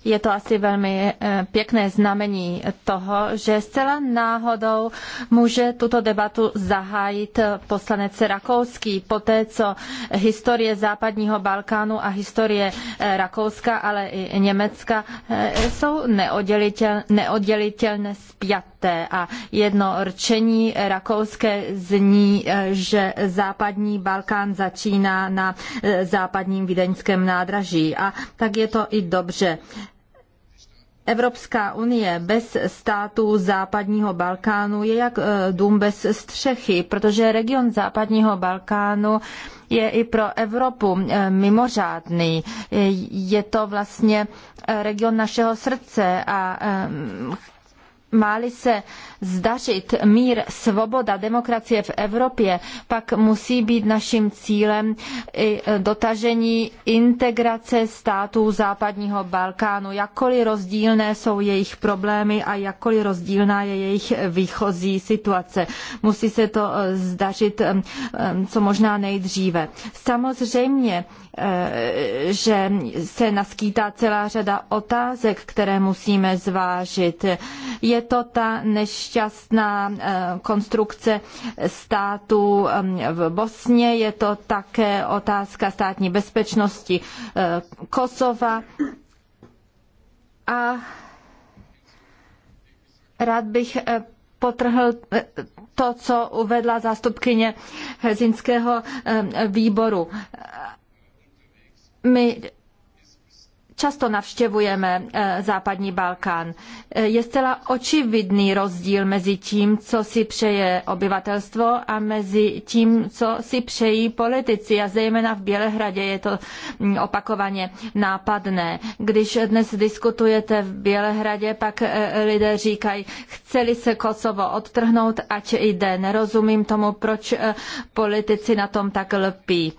Je to asi velmi eh, pěkné znamení toho, že zcela náhodou může tuto debatu zahájit eh, poslanec Rakouský. Poté, co historie západního Balkánu a historie eh, Rakouska, ale i Německa jsou neoddělitel, neoddělitelně spjaté a jedno rčení rakouské zní, že západní Balkán začíná na západním vídeňském nádraží. A tak je to i dobře. Evropská unie bez států západního Balkánu je jak e, dům bez střechy, protože region západního Balkánu je i pro Evropu e, mimořádný. E, je to vlastně region našeho srdce a Máli se zdařit mír, svoboda, demokracie v Evropě, pak musí být naším cílem i dotažení integrace států západního Balkánu. Jakkoliv rozdílné jsou jejich problémy a jakkoliv rozdílná je jejich výchozí situace. Musí se to eh, zdařit eh, co možná nejdříve. Samozřejmě, eh, že se naskýtá celá řada otázek, které musíme zvážit. Je je to ta nešťastná eh, konstrukce státu eh, v Bosně, je to také otázka státní bezpečnosti eh, Kosova a rád bych potrhl to, co uvedla zástupkyně Helsinského výboru. My často navštěvujeme eh, západní Balkán. Eh, je zcela očividný rozdíl mezi tím, co si přeje obyvatelstvo a mezi tím, co si přejí politici. A zejména v Bělehradě je to mm, opakovaně nápadné. Když dnes diskutujete v Bělehradě, pak eh, lidé říkají, chceli se Kosovo odtrhnout, ať jde. Nerozumím tomu, proč politici na tom tak lpí.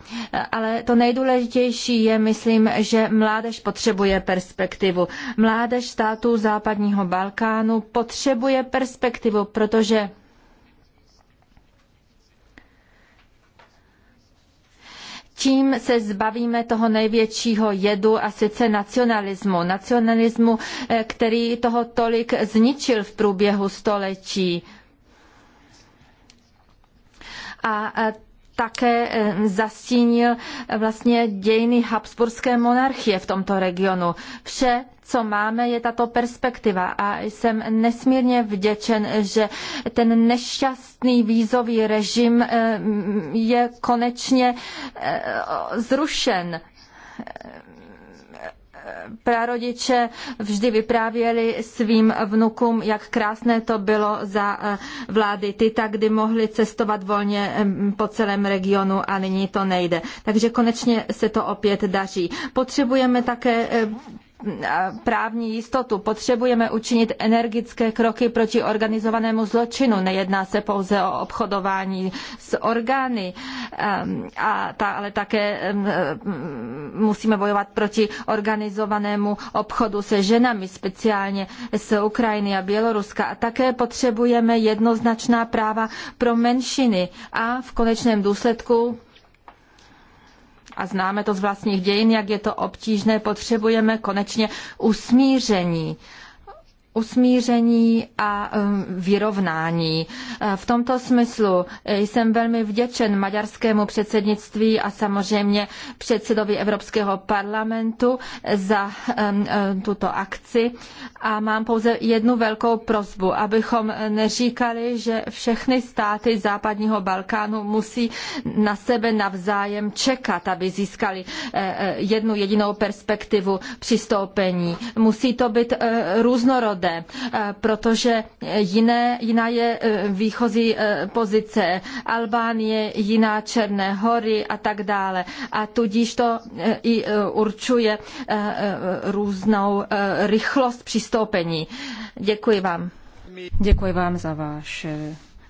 Ale to nejdůležitější je, myslím, že mládež potřebuje potřebuje perspektivu. Mládež států západního Balkánu potřebuje perspektivu, protože tím se zbavíme toho největšího jedu a sice nacionalismu. Nacionalismu, eh, který toho tolik zničil v průběhu století. A eh, také eh, zastínil eh, vlastně dějiny Habsburské monarchie v tomto regionu. Vše, co máme, je tato perspektiva a jsem nesmírně vděčen, že ten nešťastný vízový režim eh, je konečně zrušen prarodiče vždy vyprávěli svým vnukům, jak krásné to bylo za eh, vlády Tita, kdy mohli cestovat volně po celém regionu a nyní to nejde. Takže konečně se to opět daří. Potřebujeme také eh, právní jistotu. Potřebujeme učinit energické kroky proti organizovanému zločinu. Nejedná se pouze o obchodování s orgány, a ta, ale také musíme bojovat proti organizovanému obchodu se ženami, speciálně z Ukrajiny a Běloruska. A také potřebujeme jednoznačná práva pro menšiny a v konečném důsledku a známe to z vlastních dějin, jak je to obtížné, potřebujeme konečně usmíření usmíření a um, vyrovnání. Eh, v tomto smyslu jsem velmi vděčen maďarskému předsednictví a samozřejmě předsedovi Evropského parlamentu za um, eh, tuto akci a mám pouze jednu velkou prozbu, abychom neříkali, že všechny státy západního Balkánu musí na sebe navzájem čekat, aby získali eh, jednu jedinou perspektivu přistoupení. Musí to být různorodé tvrdé, eh, protože jiné, jiná je eh, výchozí eh, pozice Albánie, jiná Černé hory a tak dále. A tudíž to i určuje různou rychlost přistoupení. Děkuji vám. Děkuji vám za váš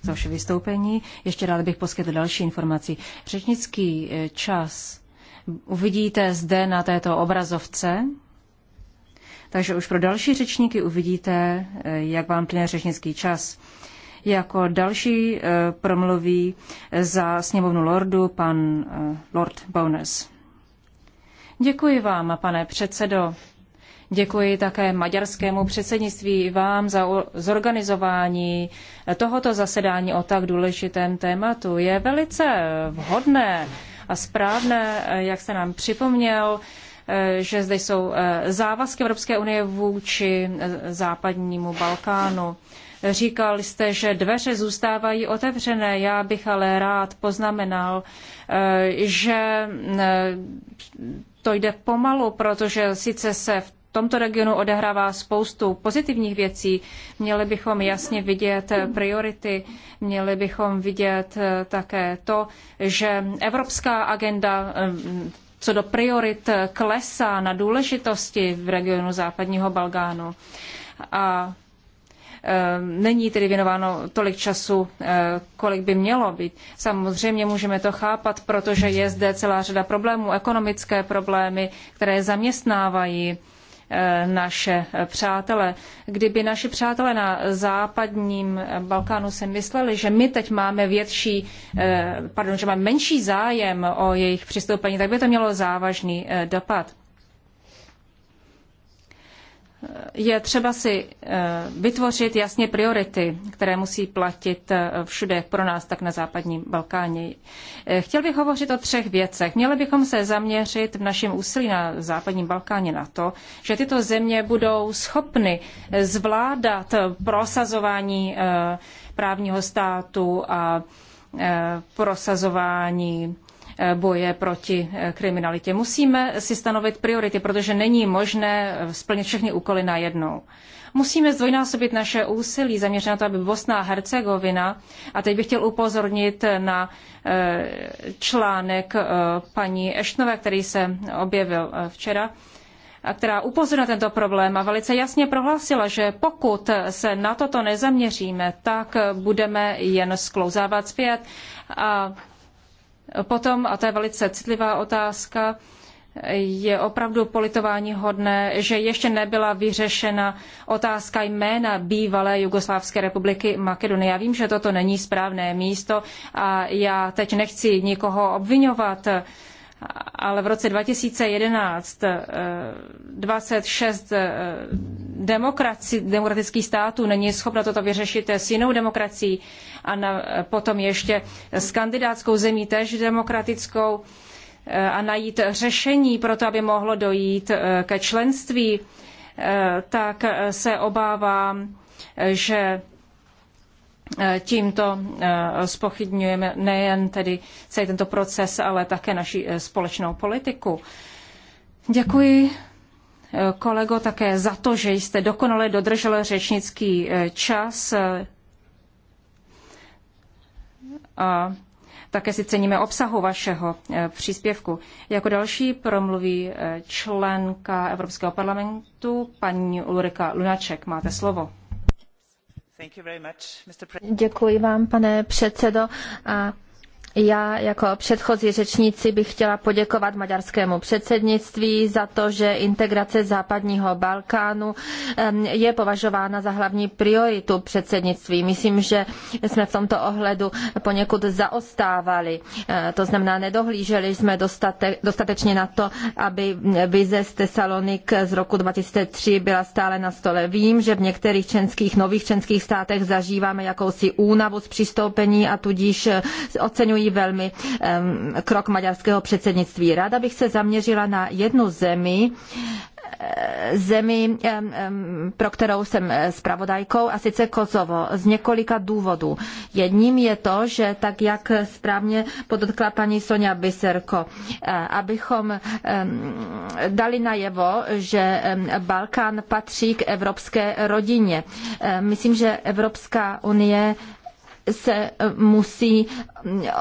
za vaše vystoupení. Ještě rád bych poskytl další informaci. Řečnický čas uvidíte zde na této obrazovce. Takže už pro další řečníky uvidíte, eh, jak vám plyne řečnický čas. Jako další eh, promluví za sněmovnu lordu pan eh, Lord Bonus. Děkuji vám, pane předsedo. Děkuji také maďarskému předsednictví i vám za zorganizování tohoto zasedání o tak důležitém tématu. Je velice vhodné a správné, jak se nám připomněl, Eh, že zde jsou eh, závazky Evropské unie vůči eh, západnímu Balkánu. Říkal jste, že dveře zůstávají otevřené. Já bych ale rád poznamenal, že to jde pomalu, protože sice se v tomto regionu odehrává spoustu pozitivních věcí. Měli bychom jasně vidět priority, měli bychom vidět také to, že evropská agenda co do priorit klesá na důležitosti v regionu západního Balkánu. A e, není tedy věnováno tolik času, e, kolik by mělo být. Samozřejmě můžeme to chápat, protože je zde celá řada problémů, ekonomické problémy, které zaměstnávají Eh, naše přátele. Kdyby naši přátelé na západním Balkánu si mysleli, že my teď máme větší, eh, pardon, že máme menší zájem o jejich přistoupení, tak by to mělo závažný eh, dopad je třeba si eh, vytvořit jasně priority, které musí platit eh, všude, jak pro nás, tak na západním Balkáně. Eh, chtěl bych hovořit o třech věcech. Měli bychom se zaměřit v našem úsilí na západním Balkáně na to, že tyto země budou schopny zvládat prosazování právního státu a prosazování boje proti eh, kriminalitě. Musíme si stanovit priority, protože není možné eh, splnit všechny úkoly najednou. Musíme zdvojnásobit naše úsilí zaměřené na to, aby Bosna a Hercegovina, a teď bych chtěl upozornit na eh, článek paní Eštnové, který se objevil včera, a která upozorňuje tento problém a velice jasně prohlásila, že pokud se na toto nezaměříme, tak budeme jen sklouzávat zpět a Potom, a to je velice citlivá otázka, je opravdu politování hodné, že ještě nebyla vyřešena otázka jména bývalé Jugoslávské republiky Makedonie. Já vím, že toto není správné místo a já teď nechci nikoho obvinovat ale v roce 2011 26 demokratických států není schopno toto vyřešit s jinou demokracií a na, potom ještě s kandidátskou zemí též demokratickou eh, a najít řešení pro to, aby mohlo dojít eh, ke členství, eh, tak se obávám, že Eh, tímto eh, spochybňujeme nejen tedy celý tento proces, ale také naši eh, společnou politiku. Děkuji kolego také za to, že jste dokonale dodržel řečnický čas. A také si ceníme obsahu vašeho příspěvku. Jako další promluví členka Evropského parlamentu paní Ulrika Lunaček. Máte slovo. Děkuji vám, pane předsedo. A já jako předchozí řečníci bych chtěla poděkovat maďarskému předsednictví za to, že integrace západního Balkánu je považována za hlavní prioritu předsednictví. Myslím, že jsme v tomto ohledu poněkud zaostávali. E, to znamená, nedohlíželi jsme dostatečně na to, aby vize z Tesalonik z roku 2003 byla stále na stole. Vím, že v některých českých nových členských státech zažíváme jakousi únavu z přistoupení a tudíž e, oceňuji oceňuji velmi krok maďarského předsednictví. Ráda bych se zaměřila na jednu zemi, eh, zemi, pro kterou jsem eh, zpravodajkou, a sice Kosovo, z několika důvodů. Jedním je to, že tak, jak správně podotkla paní Sonja Biserko, eh, abychom dali najevo, že Balkán patří k evropské rodině. Myslím, že Evropská unie se eh, musí eh,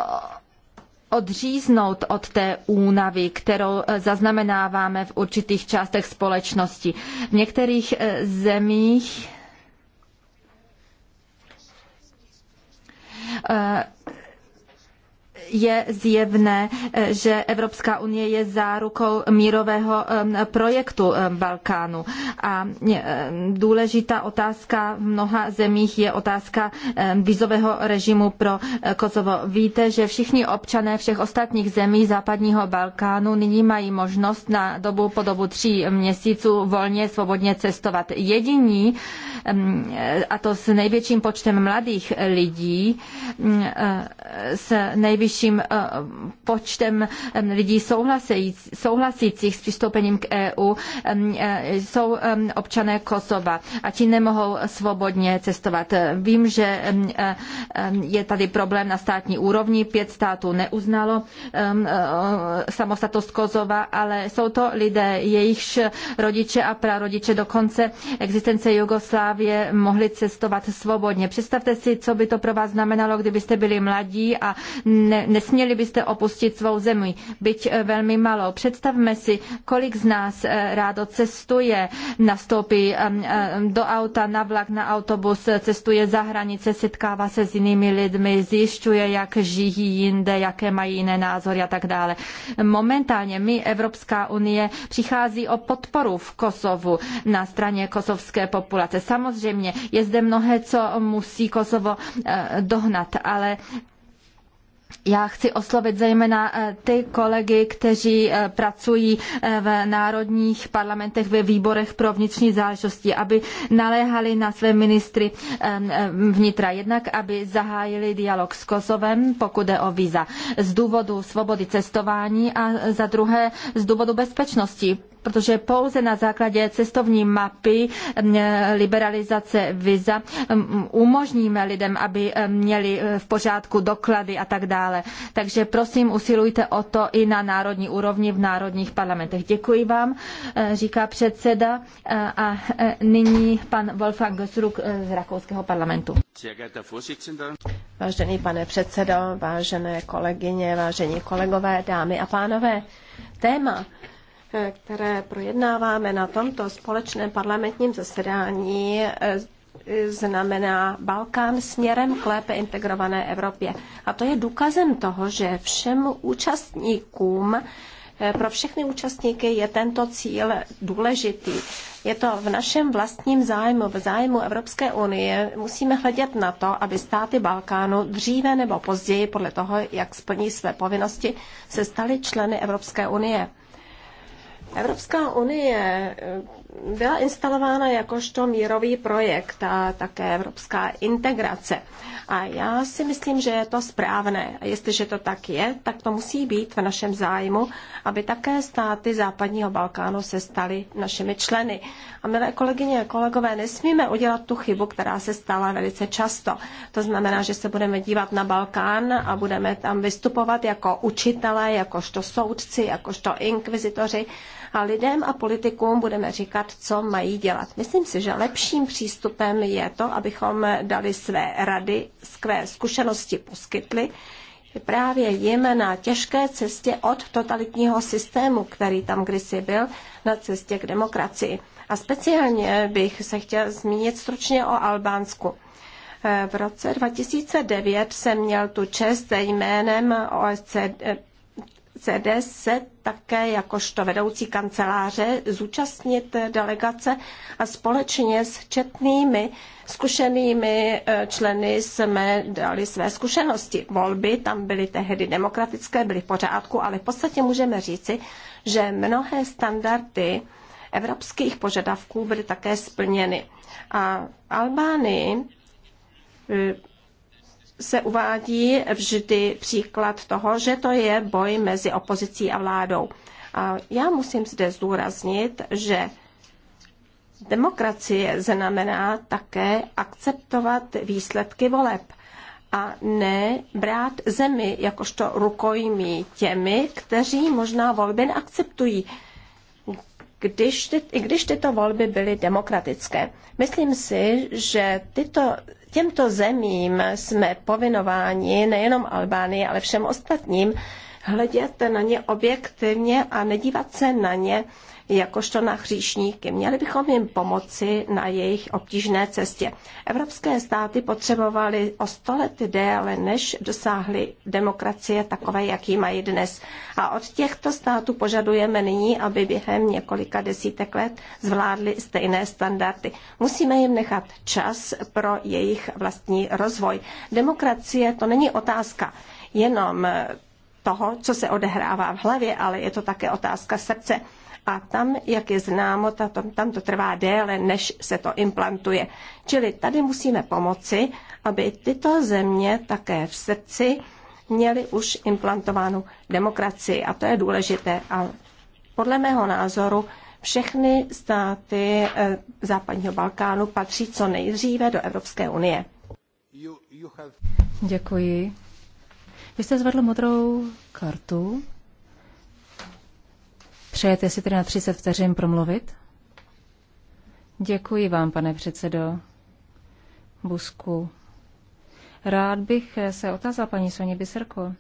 odříznout od té únavy, kterou eh, zaznamenáváme v určitých částech společnosti. V některých zemích je zjevné, eh, že Evropská unie je zárukou mírového projektu Balkánu. A důležitá otázka v mnoha zemích je otázka vízového režimu pro eh, Kosovo. Víte, že všichni občané všech ostatních zemí západního Balkánu nyní mají možnost na dobu po dobu tří měsíců volně, svobodně cestovat. Jediní, a to s největším počtem mladých lidí, eh, s nejvyšší větším eh, počtem eh, lidí souhlasících s přistoupením k EU eh, jsou občané Kosova a ti nemohou svobodně cestovat. Vím, že je tady problém na státní úrovni, pět států neuznalo samostatnost Kosova, ale jsou to lidé, jejichž rodiče a prarodiče dokonce existence Jugoslávie mohli cestovat svobodně. Představte si, co by to pro vás znamenalo, kdybyste byli mladí a ne, nesměli byste opustit svou zemi, byť eh, velmi malou. Představme si, kolik z nás eh, rádo cestuje, nastoupí eh, do auta, na vlak, na autobus, cestuje za hranice, setkává se s jinými lidmi, zjišťuje, jak žijí jinde, jaké mají jiné názory a tak dále. Momentálně my, Evropská unie, přichází o podporu v Kosovu na straně kosovské populace. Samozřejmě je zde mnohé, co musí Kosovo dohnat, ale já chci oslovit zejména eh, ty kolegy, kteří eh, pracují eh, v národních parlamentech ve výborech pro vnitřní záležitosti, aby naléhali na své ministry ehm, ehm, vnitra jednak, aby zahájili dialog s Kosovem, pokud je o víza, z důvodu svobody cestování a za druhé z důvodu bezpečnosti protože pouze na základě cestovní mapy liberalizace viza umožníme lidem, aby e, měli e, v pořádku doklady a tak dále. Takže prosím, usilujte o to i na národní úrovni v národních parlamentech. Děkuji vám, e, říká předseda a nyní pan Wolfgang Gösruk z Rakouského parlamentu. Vážený pane předsedo, vážené kolegyně, vážení kolegové, dámy a pánové, téma, které projednáváme na tomto společném parlamentním zasedání, eh, znamená Balkán směrem k lépe integrované Evropě. A to je důkazem toho, že všem účastníkům eh, pro všechny účastníky je tento cíl důležitý. Je to v našem vlastním zájmu, v zájmu Evropské unie. Musíme hledět na to, aby státy Balkánu dříve nebo později, podle toho, jak splní své povinnosti, se staly členy Evropské unie. Evropská unie eh, byla instalována jakožto mírový projekt a také evropská integrace. A já si myslím, že je to správné. A jestliže to tak je, tak to musí být v našem zájmu, aby také státy západního Balkánu se staly našimi členy. A milé kolegyně a kolegové, nesmíme udělat tu chybu, která se stala velice často. To znamená, že se budeme dívat na Balkán a budeme tam vystupovat jako učitelé, jakožto soudci, jakožto inkvizitoři a lidem a politikům budeme říkat, co mají dělat. Myslím si, že lepším přístupem je to, abychom dali své rady, své zkušenosti poskytli právě jim na těžké cestě od totalitního systému, který tam kdysi byl, na cestě k demokracii. A speciálně bych se chtěl zmínit stručně o Albánsku. V roce 2009 jsem měl tu čest jménem OSCE CD se také jakožto vedoucí kanceláře zúčastnit delegace a společně s četnými zkušenými e, členy jsme dali své zkušenosti. Volby tam byly tehdy demokratické, byly v pořádku, ale v podstatě můžeme říci, že mnohé standardy evropských požadavků byly také splněny. A Albánii e, se uvádí vždy příklad toho, že to je boj mezi opozicí a vládou. A já musím zde zdůraznit, že demokracie znamená také akceptovat výsledky voleb a ne brát zemi jakožto rukojmí těmi, kteří možná volby neakceptují, když ty, i když tyto volby byly demokratické. Myslím si, že tyto Těmto zemím jsme povinováni nejenom Albánii, ale všem ostatním hledět na ně objektivně a nedívat se na ně jakožto na hříšníky. Měli bychom jim pomoci na jejich obtížné cestě. Evropské státy potřebovaly o sto let déle, než dosáhly demokracie takové, jaký mají dnes. A od těchto států požadujeme nyní, aby během několika desítek let zvládly stejné standardy. Musíme jim nechat čas pro jejich vlastní rozvoj. Demokracie to není otázka jenom toho, co se odehrává v hlavě, ale je to také otázka srdce a tam, jak je známo, tato, tam to trvá déle, než se to implantuje. Čili tady musíme pomoci, aby tyto země také v srdci měly už implantovanou demokracii a to je důležité. A podle mého názoru všechny státy eh, západního Balkánu patří co nejdříve do Evropské unie. Děkuji. Vy jste zvedl modrou kartu. Přejete si tedy na 30 vteřin promluvit? Děkuji vám, pane předsedo Busku. Rád bych se otázal paní Soně Biserko,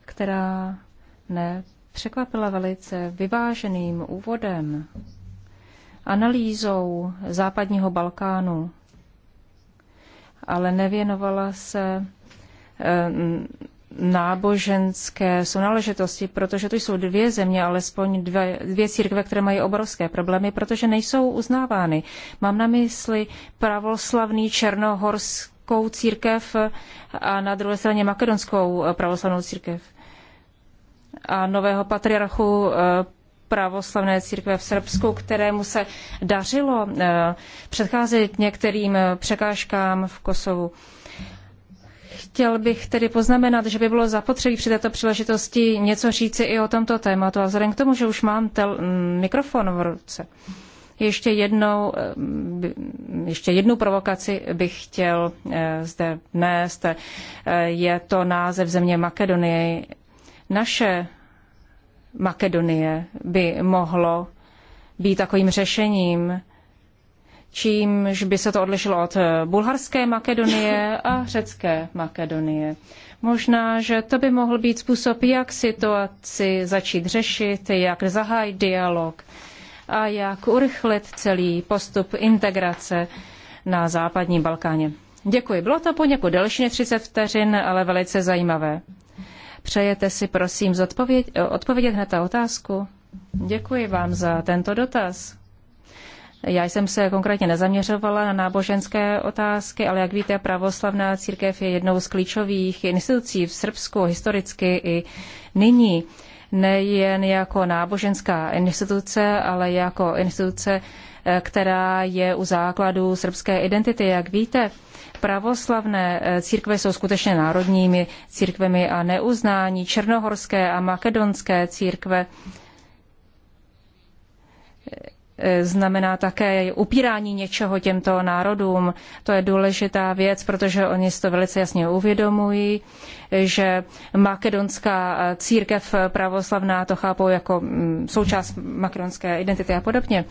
která mne překvapila velice vyváženým úvodem, analýzou západního Balkánu, ale nevěnovala se eh, náboženské sounáležitosti, protože to jsou dvě země, alespoň dvě, dvě církve, které mají obrovské problémy, protože nejsou uznávány. Mám na mysli pravoslavný černohorskou církev a na druhé straně makedonskou eh, pravoslavnou církev a nového patriarchu eh, pravoslavné církve v Srbsku, kterému se dařilo eh, předcházet některým překážkám v Kosovu. Chtěl bych tedy poznamenat, že by bylo zapotřebí při této příležitosti něco říci i o tomto tématu. A vzhledem k tomu, že už mám tel- mikrofon v ruce, ještě, jednou, eh, ještě jednu provokaci bych chtěl eh, zde nést. Eh, je to název země Makedonie. Naše Makedonie by mohlo být takovým řešením čímž by se to odlišilo od eh, bulharské Makedonie a řecké Makedonie. Možná, že to by mohl být způsob, jak situaci začít řešit, jak zahájit dialog a jak urychlit celý postup integrace na západním Balkáně. Děkuji. Bylo to poněkud delší než 30 vteřin, ale velice zajímavé. Přejete si prosím eh, odpovědět na ta otázku? Děkuji vám za tento dotaz. Já jsem se konkrétně nezaměřovala na náboženské otázky, ale jak víte, pravoslavná církev je jednou z klíčových institucí v Srbsku historicky i nyní nejen jako náboženská instituce, ale jako instituce, eh, která je u základu srbské identity. Jak víte, pravoslavné eh, církve jsou skutečně národními církvemi a neuznání černohorské a makedonské církve Eh, znamená také upírání něčeho těmto národům. To je důležitá věc, protože oni si to velice jasně uvědomují, eh, že makedonská eh, církev pravoslavná to chápou jako mm, součást makedonské identity a podobně.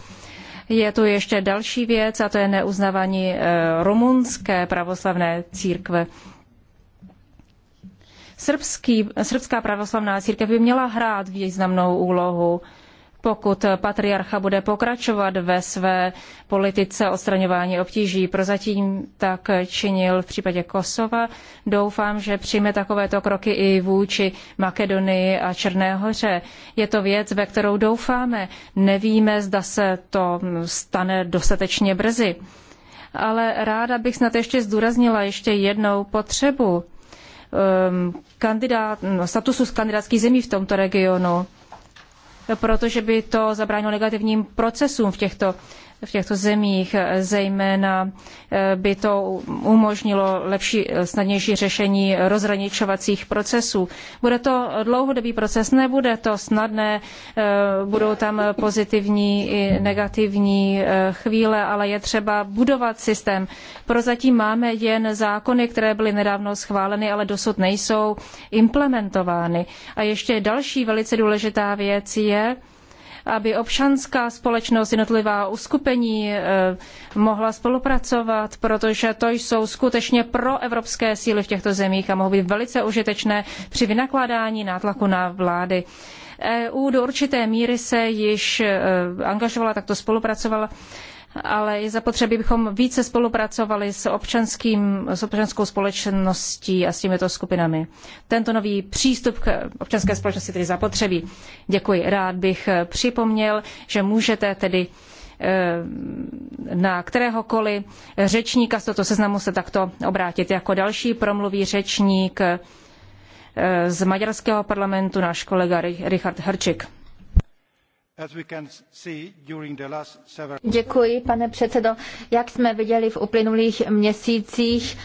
Je tu ještě další věc a to je neuznávání rumunské pravoslavné církve. Srbský, srbská pravoslavná církev by měla hrát významnou úlohu pokud patriarcha bude pokračovat ve své politice odstraňování obtíží. Prozatím tak činil v případě Kosova. Doufám, že přijme takovéto kroky i vůči Makedonii a Černé hoře. Je to věc, ve kterou doufáme. Nevíme, zda se to stane dostatečně brzy. Ale ráda bych snad ještě zdůraznila ještě jednou potřebu ehm, kandidát, no, statusu z kandidátských zemí v tomto regionu protože by to zabránilo negativním procesům v těchto v těchto zemích. Zejména eh, by to umožnilo lepší, eh, snadnější řešení rozhraničovacích procesů. Bude to dlouhodobý proces, nebude to snadné, eh, budou tam pozitivní i negativní chvíle, ale je třeba budovat systém. Prozatím máme jen zákony, které byly nedávno schváleny, ale dosud nejsou implementovány. A ještě další velice důležitá věc je, aby občanská společnost, jednotlivá uskupení eh, mohla spolupracovat, protože to jsou skutečně proevropské síly v těchto zemích a mohou být velice užitečné při vynakládání nátlaku na vlády. EU do určité míry se již eh, angažovala, takto spolupracovala ale je zapotřebí, bychom více spolupracovali s, občanským, s občanskou společností a s těmito skupinami. Tento nový přístup k občanské společnosti tedy zapotřebí. Děkuji. Rád bych připomněl, že můžete tedy eh, na kteréhokoliv řečníka z tohoto seznamu se takto obrátit. Jako další promluví řečník eh, z maďarského parlamentu náš kolega Richard Hrčik. Děkuji, pane předsedo. Jak jsme viděli v uplynulých měsících,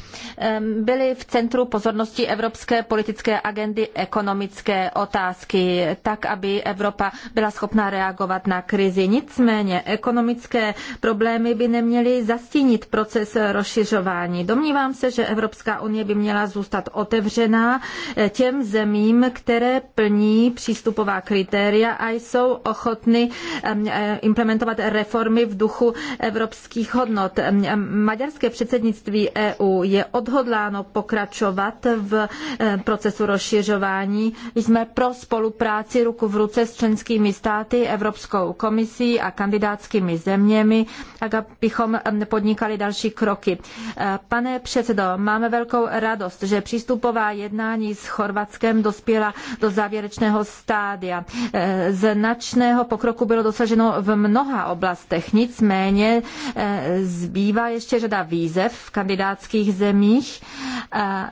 byly v centru pozornosti evropské politické agendy ekonomické otázky, tak aby Evropa byla schopna reagovat na krizi. Nicméně ekonomické problémy by neměly zastínit proces rozšiřování. Domnívám se, že Evropská unie by měla zůstat otevřená eh, těm zemím, které plní přístupová kritéria a jsou ochotné schopny e, implementovat reformy v duchu evropských hodnot. E, maďarské předsednictví EU je odhodláno pokračovat v e, procesu rozšiřování. Jsme pro spolupráci ruku v ruce s členskými státy, Evropskou komisí a kandidátskými zeměmi, tak abychom podnikali další kroky. Pane předsedo, máme velkou radost, že přístupová jednání s Chorvatskem dospěla do závěrečného stádia. Značného pokroku bylo dosaženo v mnoha oblastech. Nicméně eh, zbývá ještě řada výzev v kandidátských zemích eh,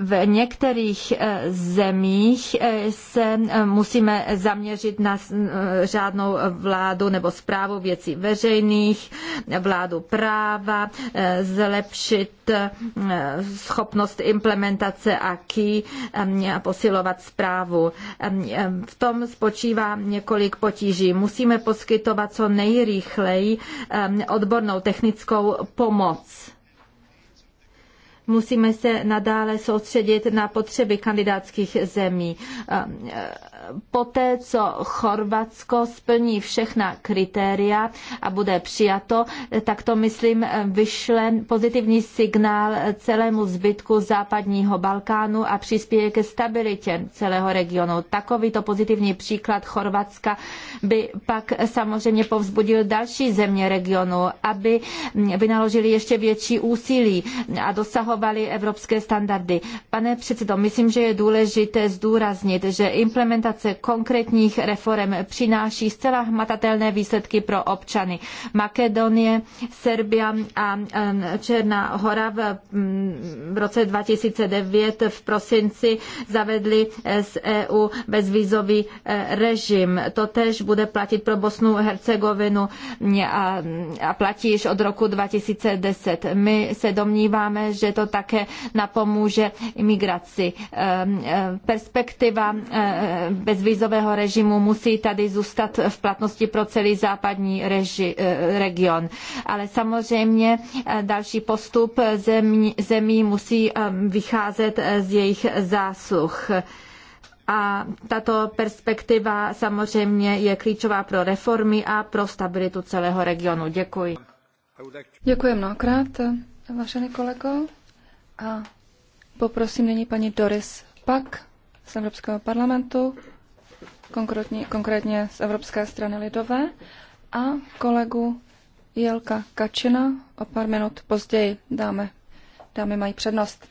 v některých eh, zemích se musíme zaměřit na řádnou vládu nebo zprávu věcí veřejných, vládu práva, zlepšit schopnost implementace AKI a posilovat zprávu. V tom spočívá několik potíží potíží. Musíme poskytovat co nejrychleji eh, odbornou technickou pomoc musíme se nadále soustředit na potřeby kandidátských zemí. Eh, eh, poté, co Chorvatsko splní všechna kritéria a bude přijato, tak to, myslím, vyšle pozitivní signál celému zbytku západního Balkánu a přispěje ke stabilitě celého regionu. Takovýto pozitivní příklad Chorvatska by pak samozřejmě povzbudil další země regionu, aby vynaložili ještě větší úsilí a dosahovali evropské standardy. Pane předsedo, myslím, že je důležité zdůraznit, že implementace realizace konkrétních reform přináší zcela hmatatelné výsledky pro občany. Makedonie, Serbia a Černá hora v, mm, v roce 2009 v prosinci zavedly eh, z EU bezvízový eh, režim. To tež bude platit pro Bosnu a Hercegovinu mm, a, a platí již od roku 2010. My se domníváme, že to také napomůže imigraci. Perspektiva eh, bezvízového režimu musí tady zůstat v platnosti pro celý západní reži, eh, region. Ale samozřejmě eh, další postup zemí, zemí musí eh, vycházet z jejich zásluh. A tato perspektiva samozřejmě je klíčová pro reformy a pro stabilitu celého regionu. Děkuji. Děkuji mnohokrát, vážený kolego. A poprosím nyní paní Doris Pak z Evropského parlamentu konkrétně, konkrétně z Evropské strany Lidové a kolegu Jelka Kačina. O pár minut později dáme, dámy mají přednost.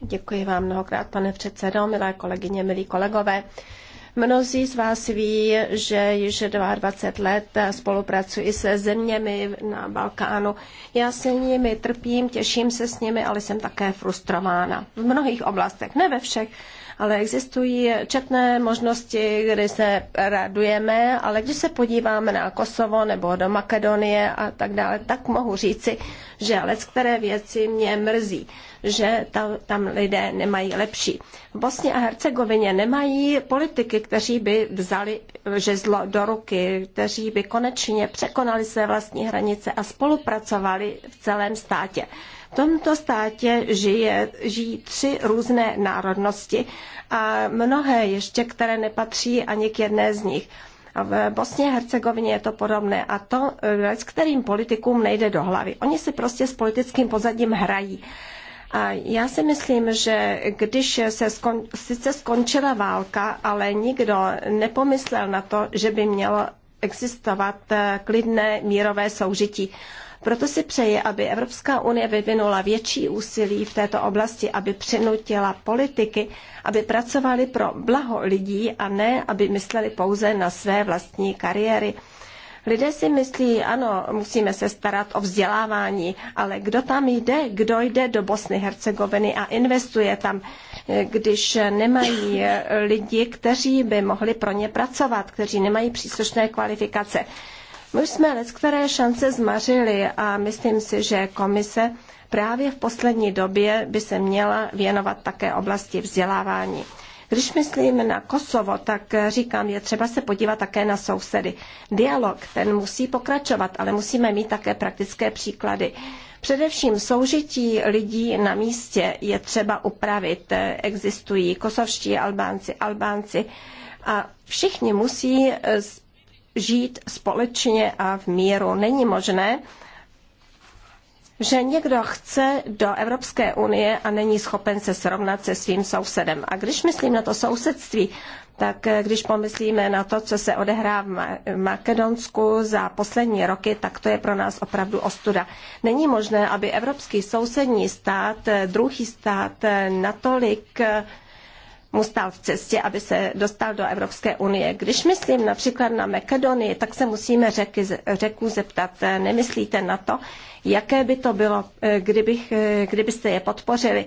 Děkuji vám mnohokrát, pane předsedo, milé kolegyně, milí kolegové. Mnozí z vás ví, že již 22 let spolupracuji se zeměmi na Balkánu. Já se nimi trpím, těším se s nimi, ale jsem také frustrována. V mnohých oblastech, ne ve všech, ale existují četné možnosti, kdy se radujeme, ale když se podíváme na Kosovo nebo do Makedonie a tak dále, tak mohu říci, že lec, které věci mě mrzí, že tam lidé nemají lepší. V Bosně a Hercegovině nemají politiky, kteří by vzali žezlo do ruky, kteří by konečně překonali své vlastní hranice a spolupracovali v celém státě tomto státě žije, žijí tři různé národnosti a mnohé ještě, které nepatří ani k jedné z nich. A v Bosně a Hercegovině je to podobné a to, eh, s kterým politikům nejde do hlavy. Oni si prostě s politickým pozadím hrají. A já si myslím, že když se skon, sice skončila válka, ale nikdo nepomyslel na to, že by mělo existovat eh, klidné mírové soužití. Proto si přeji, aby Evropská unie vyvinula větší úsilí v této oblasti, aby přinutila politiky, aby pracovali pro blaho lidí a ne, aby mysleli pouze na své vlastní kariéry. Lidé si myslí, ano, musíme se starat o vzdělávání, ale kdo tam jde, kdo jde do Bosny Hercegoviny a investuje tam, když nemají lidi, kteří by mohli pro ně pracovat, kteří nemají příslušné kvalifikace. My jsme let, šance zmařili a myslím si, že komise právě v poslední době by se měla věnovat také oblasti vzdělávání. Když myslím na Kosovo, tak říkám, je třeba se podívat také na sousedy. Dialog, ten musí pokračovat, ale musíme mít také praktické příklady. Především soužití lidí na místě je třeba upravit. Existují kosovští Albánci, Albánci a všichni musí žít společně a v míru. Není možné, že někdo chce do Evropské unie a není schopen se srovnat se svým sousedem. A když myslím na to sousedství, tak eh, když pomyslíme na to, co se odehrá v Makedonsku za poslední roky, tak to je pro nás opravdu ostuda. Není možné, aby evropský sousední stát, eh, druhý stát eh, natolik mu stál v cestě, aby se dostal do Evropské unie. Když myslím například na Makedonii, tak se musíme řeky, řeku zeptat, eh, nemyslíte na to, jaké by to bylo, eh, kdybych, eh, kdybyste je podpořili.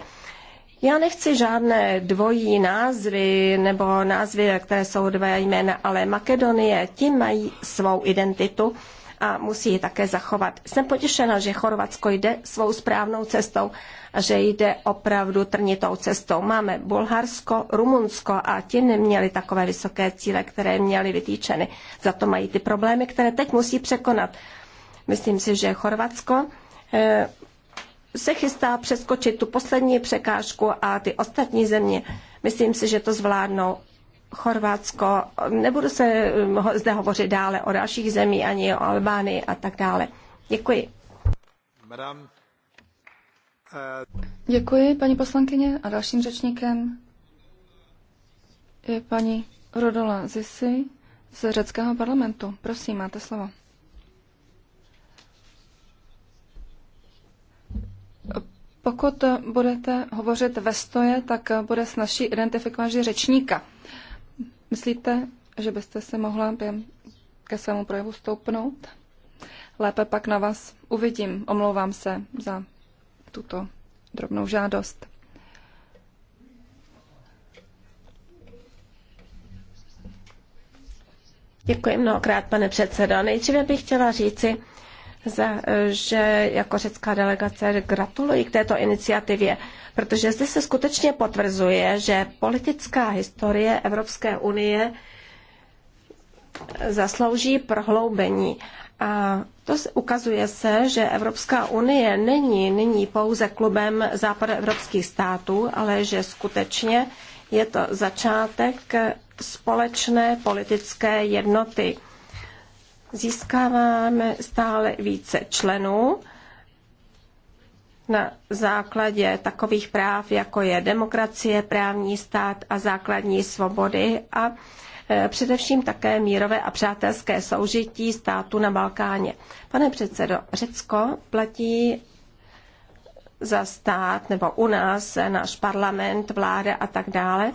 Já nechci žádné dvojí názvy nebo názvy, které jsou dvě jména, ale Makedonie, ti mají svou identitu a musí ji také zachovat. Jsem potěšena, že Chorvatsko jde svou správnou cestou a že jde opravdu trnitou cestou. Máme Bulharsko, Rumunsko a ti neměli takové vysoké cíle, které měli vytýčeny. Za to mají ty problémy, které teď musí překonat. Myslím si, že Chorvatsko eh, se chystá přeskočit tu poslední překážku a ty ostatní země, myslím si, že to zvládnou. Chorvatsko. Nebudu se hm, zde hovořit dále o dalších zemí, ani o Albánii a tak dále. Děkuji. Madame. Eh, Děkuji, paní poslankyně. A dalším řečníkem je paní Rodola Zisi z řeckého parlamentu. Prosím, máte slovo. Pokud budete hovořit ve stoje, tak bude snažší identifikovat řečníka. Myslíte, že byste se mohla ke svému projevu stoupnout? Lépe pak na vás uvidím. Omlouvám se za tuto drobnou žádost. Děkuji mnohokrát, pane předsedo. Nejdříve bych chtěla říci, že jako řecká delegace gratuluji k této iniciativě protože zde se skutečně potvrzuje, že politická historie Evropské unie zaslouží prohloubení. A to ukazuje se, že Evropská unie není nyní pouze klubem západoevropských států, ale že skutečně je to začátek společné politické jednoty. Získáváme stále více členů na základě takových práv, jako je demokracie, právní stát a základní svobody a e, především také mírové a přátelské soužití států na Balkáně. Pane předsedo, Řecko platí za stát, nebo u nás náš parlament, vláda a tak dále,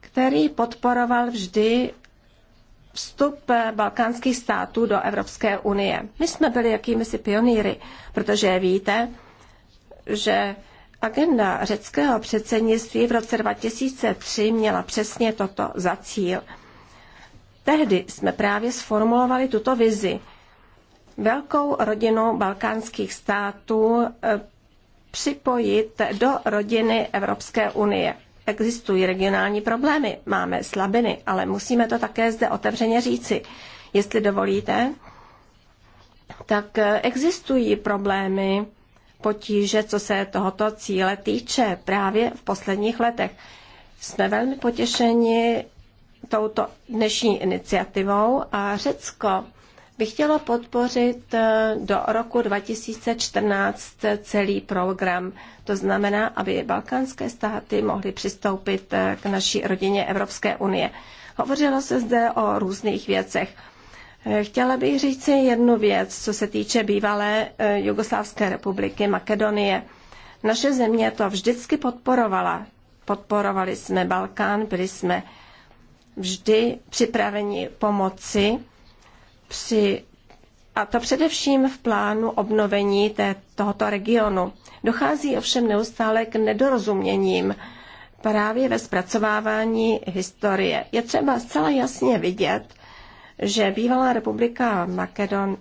který podporoval vždy vstup balkánských států do Evropské unie. My jsme byli jakými si pionýry, protože víte, že agenda řeckého předsednictví v roce 2003 měla přesně toto za cíl. Tehdy jsme právě sformulovali tuto vizi. Velkou rodinu balkánských států eh, připojit do rodiny Evropské unie. Existují regionální problémy, máme slabiny, ale musíme to také zde otevřeně říci. Jestli dovolíte, tak eh, existují problémy potíže, co se tohoto cíle týče právě v posledních letech. Jsme velmi potěšeni touto dnešní iniciativou a Řecko by chtělo podpořit eh, do roku 2014 celý program. To znamená, aby balkánské státy mohly přistoupit eh, k naší rodině Evropské unie. Hovořilo se zde o různých věcech. Chtěla bych říct jednu věc, co se týče bývalé eh, Jugoslávské republiky Makedonie. Naše země to vždycky podporovala. Podporovali jsme Balkán, byli jsme vždy připraveni pomoci při a to především v plánu obnovení té, tohoto regionu. Dochází ovšem neustále k nedorozuměním právě ve zpracovávání historie. Je třeba zcela jasně vidět, že bývalá republika Makedon,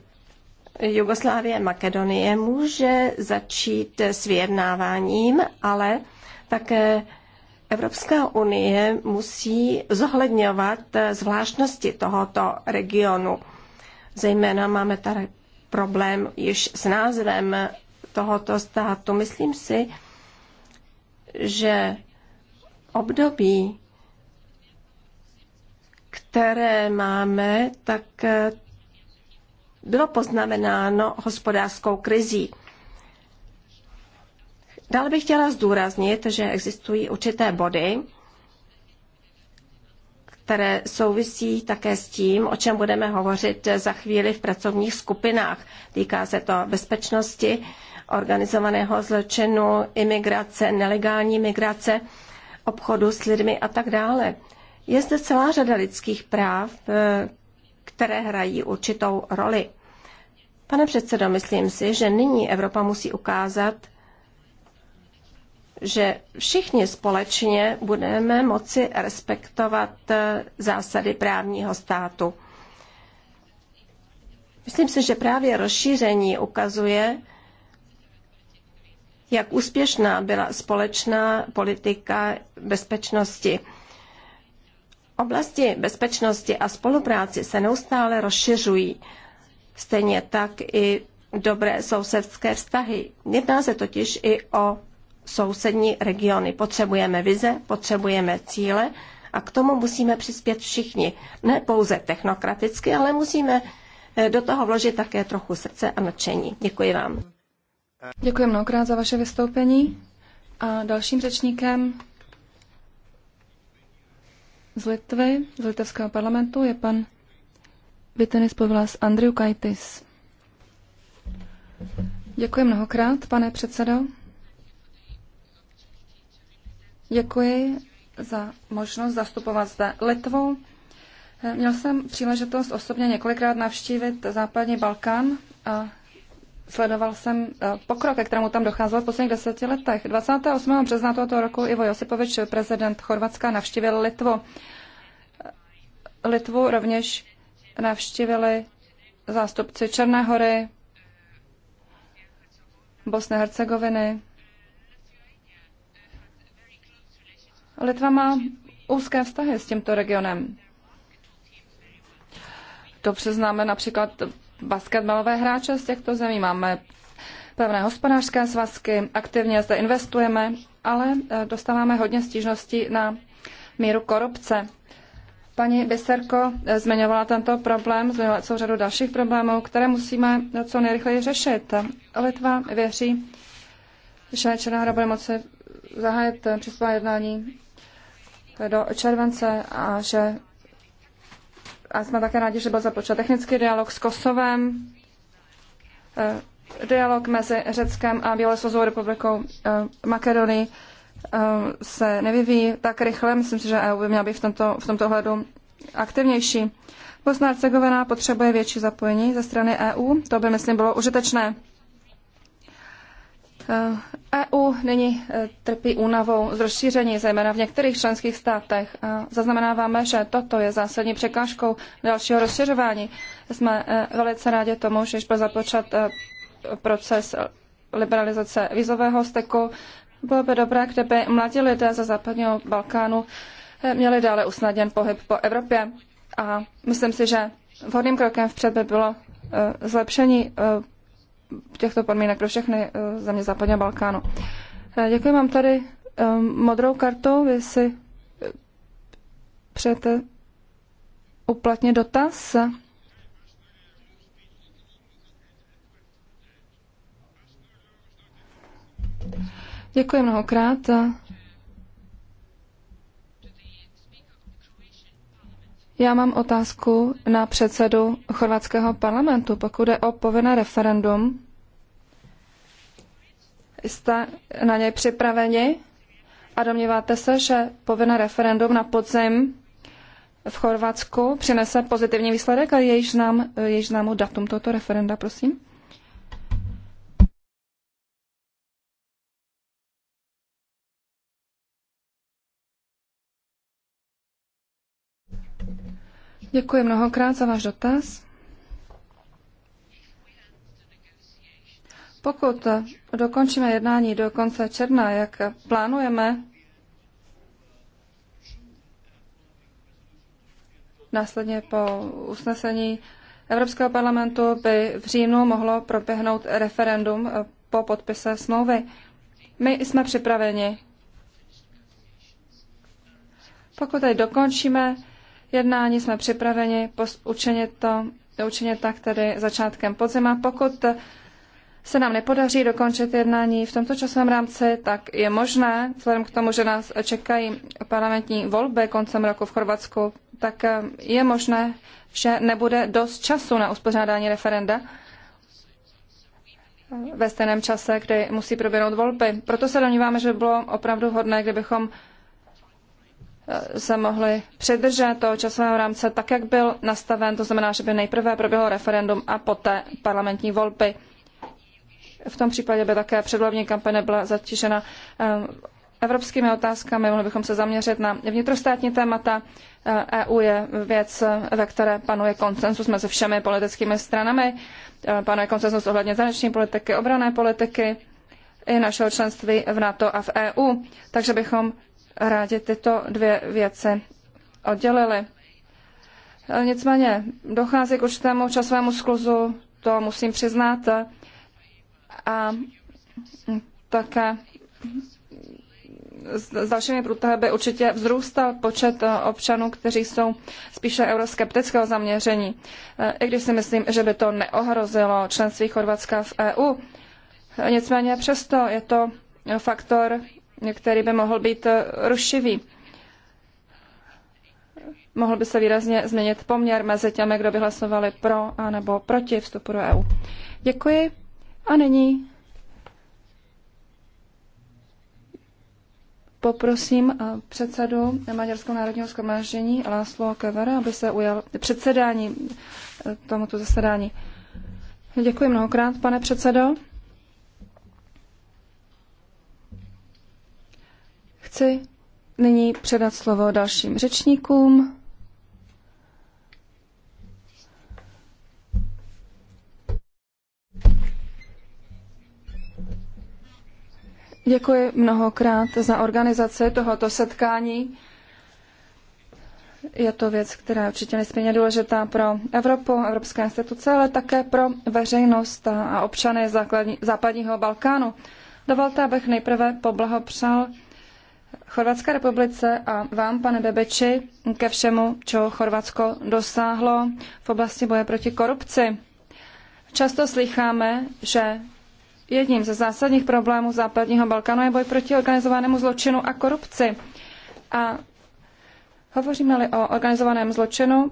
Jugoslávie Makedonie může začít s vyjednáváním, ale také Evropská unie musí zohledňovat zvláštnosti tohoto regionu. Zejména máme tady problém již s názvem tohoto státu. Myslím si, že období které máme, tak eh, bylo poznamenáno hospodářskou krizí. Dále bych chtěla zdůraznit, že existují určité body, které souvisí také s tím, o čem budeme hovořit za chvíli v pracovních skupinách. Týká se to bezpečnosti, organizovaného zločinu, imigrace, nelegální migrace, obchodu s lidmi a tak dále. Je zde celá řada lidských práv, eh, které hrají určitou roli. Pane předsedo, myslím si, že nyní Evropa musí ukázat, že všichni společně budeme moci respektovat eh, zásady právního státu. Myslím si, že právě rozšíření ukazuje, jak úspěšná byla společná politika bezpečnosti oblasti bezpečnosti a spolupráci se neustále rozšiřují. Stejně tak i dobré sousedské vztahy. Jedná se totiž i o sousední regiony. Potřebujeme vize, potřebujeme cíle a k tomu musíme přispět všichni. Ne pouze technokraticky, ale musíme eh, do toho vložit také trochu srdce a nadšení. Děkuji vám. Děkuji mnohokrát za vaše vystoupení. A dalším řečníkem z Litvy, z litevského parlamentu, je pan Vitenis Povlas Andriu Kajtis. Děkuji mnohokrát, pane předsedo. Děkuji za možnost zastupovat zde Litvu. Měl jsem příležitost osobně několikrát navštívit západní Balkán a sledoval jsem eh, pokrok, ke kterému tam docházelo v posledních deseti letech. 28. března tohoto roku Ivo Josipovič, prezident Chorvatska, navštívil Litvu. Litvu rovněž navštívili zástupci Černé hory, Bosny a Hercegoviny. Litva má úzké vztahy s tímto regionem. To přiznáme například basketbalové hráče z těchto zemí, máme pevné hospodářské svazky, aktivně zde investujeme, ale eh, dostáváme hodně stížností na míru korupce. Paní Biserko eh, zmiňovala tento problém, zmiňovala celou řadu dalších problémů, které musíme eh, co nejrychleji řešit. Litva věří, že Černá hra bude moci zahájit přístupová jednání do července a že a jsme také rádi, že byl započat technický dialog s Kosovem, eh, dialog mezi Řeckem a Bělorusovou republikou eh, Makedonii eh, se nevyvíjí tak rychle. Myslím si, že EU by měla být v tomto, v tomto hledu aktivnější. Bosna Hercegovina potřebuje větší zapojení ze strany EU. To by, myslím, bylo užitečné. EU eh, e nyní eh, trpí únavou z rozšíření, zejména v některých členských státech. Zaznamenáváme, že toto je zásadní překážkou dalšího rozšiřování. Jsme eh, velice rádi tomu, že již byl započat proces liberalizace vízového steku. Bylo by dobré, kdyby mladí lidé ze západního Balkánu měli dále usnadněn pohyb po Evropě. A myslím si, že vhodným krokem vpřed by bylo zlepšení těchto podmínek pro všechny eh, země západního Balkánu. Eh, děkuji, mám tady ehm, modrou kartu. Vy si eh, přejete uplatně dotaz? Děkuji mnohokrát. Já mám otázku na předsedu chorvatského parlamentu. Pokud je o povinné referendum, jste na něj připraveni a domníváte se, že povinné referendum na podzim v Chorvatsku přinese pozitivní výsledek a je již znám, je již známo datum tohoto referenda, prosím? Děkuji mnohokrát za váš dotaz. Pokud dokončíme jednání do konce června, jak plánujeme, následně po usnesení Evropského parlamentu by v říjnu mohlo proběhnout referendum po podpise smlouvy. My jsme připraveni. Pokud tady dokončíme jednání. Jsme připraveni učinit to učinit tak tedy začátkem podzima. Pokud se nám nepodaří dokončit jednání v tomto časovém rámci, tak je možné, vzhledem k tomu, že nás čekají parlamentní volby koncem roku v Chorvatsku, tak eh, je možné, že nebude dost času na uspořádání referenda eh, ve stejném čase, kdy musí proběhnout volby. Proto se domníváme, že by bylo opravdu hodné, kdybychom Eh, se mohli přidržet toho časového rámce tak, jak byl nastaven, to znamená, že by nejprve proběhlo referendum a poté parlamentní volby. V tom případě by také předvolební kampaň nebyla zatížena eh, evropskými otázkami, mohli bychom se zaměřit na vnitrostátní témata. EU eh, e je věc, ve které panuje konsensus mezi všemi politickými stranami. Panuje konsensus ohledně zahraniční politiky, obrané politiky i našeho členství v NATO a v EU. Takže bychom rádi tyto dvě věci oddělili. E, nicméně dochází k určitému časovému skluzu, to musím přiznat, a také s dalšími průtahy určitě vzrůstal počet e, občanů, kteří jsou spíše euroskeptického zaměření. E, I když si myslím, že by to neohrozilo členství Chorvatska v EU. Nicméně přesto je to faktor, který by mohl být eh, rušivý. Mohl by se výrazně změnit poměr mezi těmi, kdo by hlasovali pro a nebo proti vstupu do EU. Děkuji a nyní poprosím eh, předsedu Maďarského národního zkomáždění Láslo Kevera, aby se ujal předsedání eh, tomuto zasedání. Děkuji mnohokrát, pane předsedo. Chci nyní předat slovo dalším řečníkům. Děkuji mnohokrát za organizaci tohoto setkání. Je to věc, která je určitě nesmírně důležitá pro Evropu, evropské instituce, ale také pro veřejnost a občany základní, západního Balkánu. Dovolte, abych nejprve poblahopřál Chorvatské republice a vám, pane Bebeči, ke všemu, čeho Chorvatsko dosáhlo v oblasti boje proti korupci. Často slycháme, že jedním ze zásadních problémů západního Balkánu je boj proti organizovanému zločinu a korupci. A hovoříme-li o organizovaném zločinu,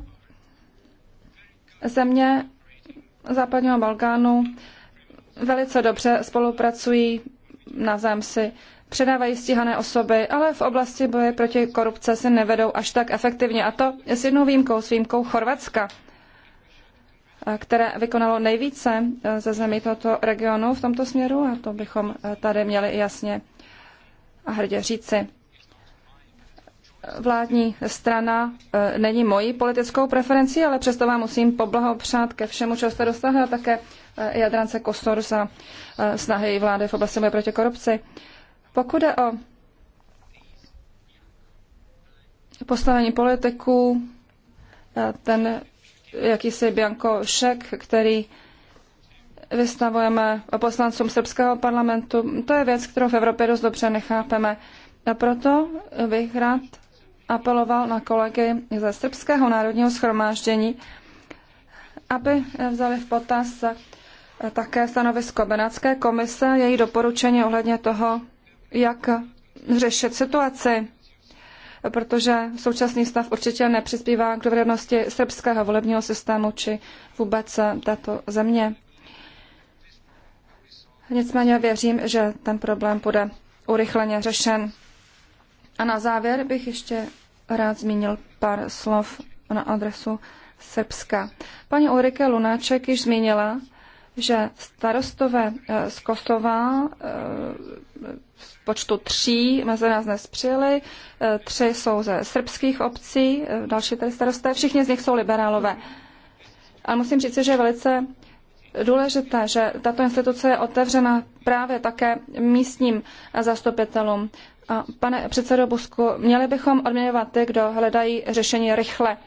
země západního Balkánu velice dobře spolupracují, navzájem si předávají stíhané osoby, ale v oblasti boje proti korupce se nevedou až tak efektivně. A to s jednou výjimkou, s výjimkou Chorvatska, které vykonalo nejvíce eh, ze zemí tohoto regionu v tomto směru a to bychom eh, tady měli jasně a hrdě říci. Vládní strana eh, není mojí politickou preferencí, ale přesto vám musím poblahopřát ke všemu, co jste dostali a také Jadrance Kosor za snahy vlády v oblasti boje proti korupci. Pokud je o postavení politiků, eh, ten jakýsi Bianko šek, který vystavujeme poslancům srbského parlamentu, to je věc, kterou v Evropě dost dobře nechápeme. A proto bych rád apeloval na kolegy ze Srbského národního schromáždění, aby vzali v potaz také stanovisko Benátské komise, její doporučení ohledně toho, jak řešit situaci, protože současný stav určitě nepřispívá k dovednosti srbského volebního systému či vůbec této země. Nicméně věřím, že ten problém bude urychleně řešen. A na závěr bych ještě rád zmínil pár slov na adresu Srbska. Paní Ulrike Lunáček již zmínila, že starostové eh, z Kosova eh, počtu tří mezi nás dnes přijeli. Eh, tři jsou ze srbských obcí, eh, další tady starosté, všichni z nich jsou liberálové. Ale musím říct, že je velice důležité, že tato instituce je otevřena právě také místním zastupitelům. A pane předsedo Busku, měli bychom odměňovat ty, kdo hledají řešení rychle.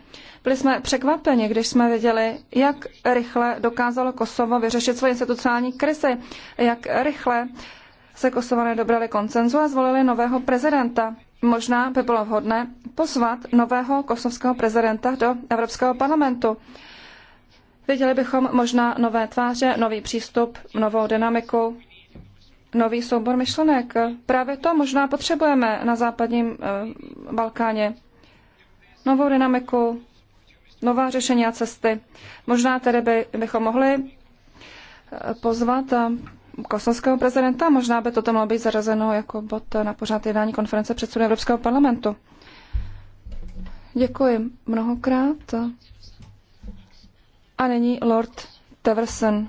Byli jsme překvapeni, když jsme viděli, jak rychle dokázalo Kosovo vyřešit svoji institucionální krizi, jak rychle se Kosované dobrali koncenzu a zvolili nového prezidenta. Možná by bylo vhodné pozvat nového kosovského prezidenta do Evropského parlamentu. Viděli bychom možná nové tváře, nový přístup, novou dynamiku, nový soubor myšlenek. Právě to možná potřebujeme na západním eh, Balkáně. Novou dynamiku, nová řešení a cesty. Možná tedy by, bychom mohli eh, pozvat eh, kosovského prezidenta. Možná by toto mělo být zařazeno jako bod na pořád jednání konference předsedů Evropského parlamentu. Děkuji mnohokrát. A nyní Lord Teverson.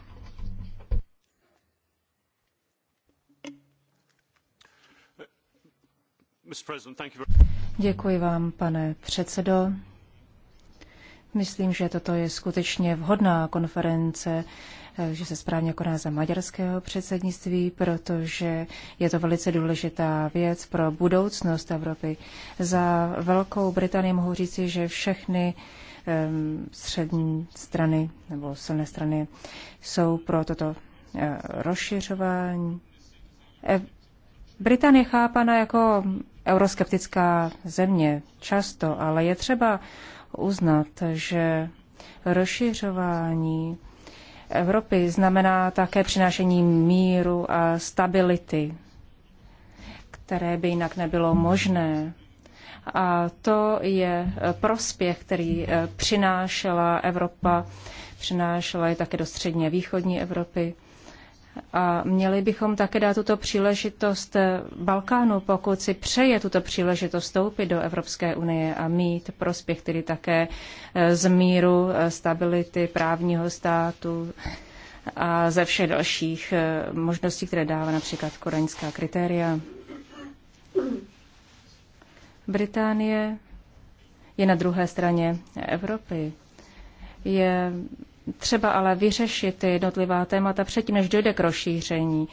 Děkuji vám, pane předsedo. Myslím, že toto je skutečně vhodná konference, eh, že se správně koná za maďarského předsednictví, protože je to velice důležitá věc pro budoucnost Evropy. Za Velkou Británii mohu říci, že všechny ehm, střední strany nebo silné strany jsou pro toto eh, rozšiřování. Eh, Británie chápána jako euroskeptická země často, ale je třeba uznat, že rozšiřování Evropy znamená také přinášení míru a stability, které by jinak nebylo možné. A to je prospěch, který eh, přinášela Evropa, přinášela je také do středně východní Evropy a měli bychom také dát tuto příležitost eh, Balkánu, pokud si přeje tuto příležitost vstoupit do Evropské unie a mít prospěch tedy také eh, z míru, eh, stability, právního státu a ze všech dalších možností, které dává například koreňská kritéria. Británie je na druhé straně Evropy. Je třeba ale vyřešit ty jednotlivá témata předtím, než dojde k rozšíření.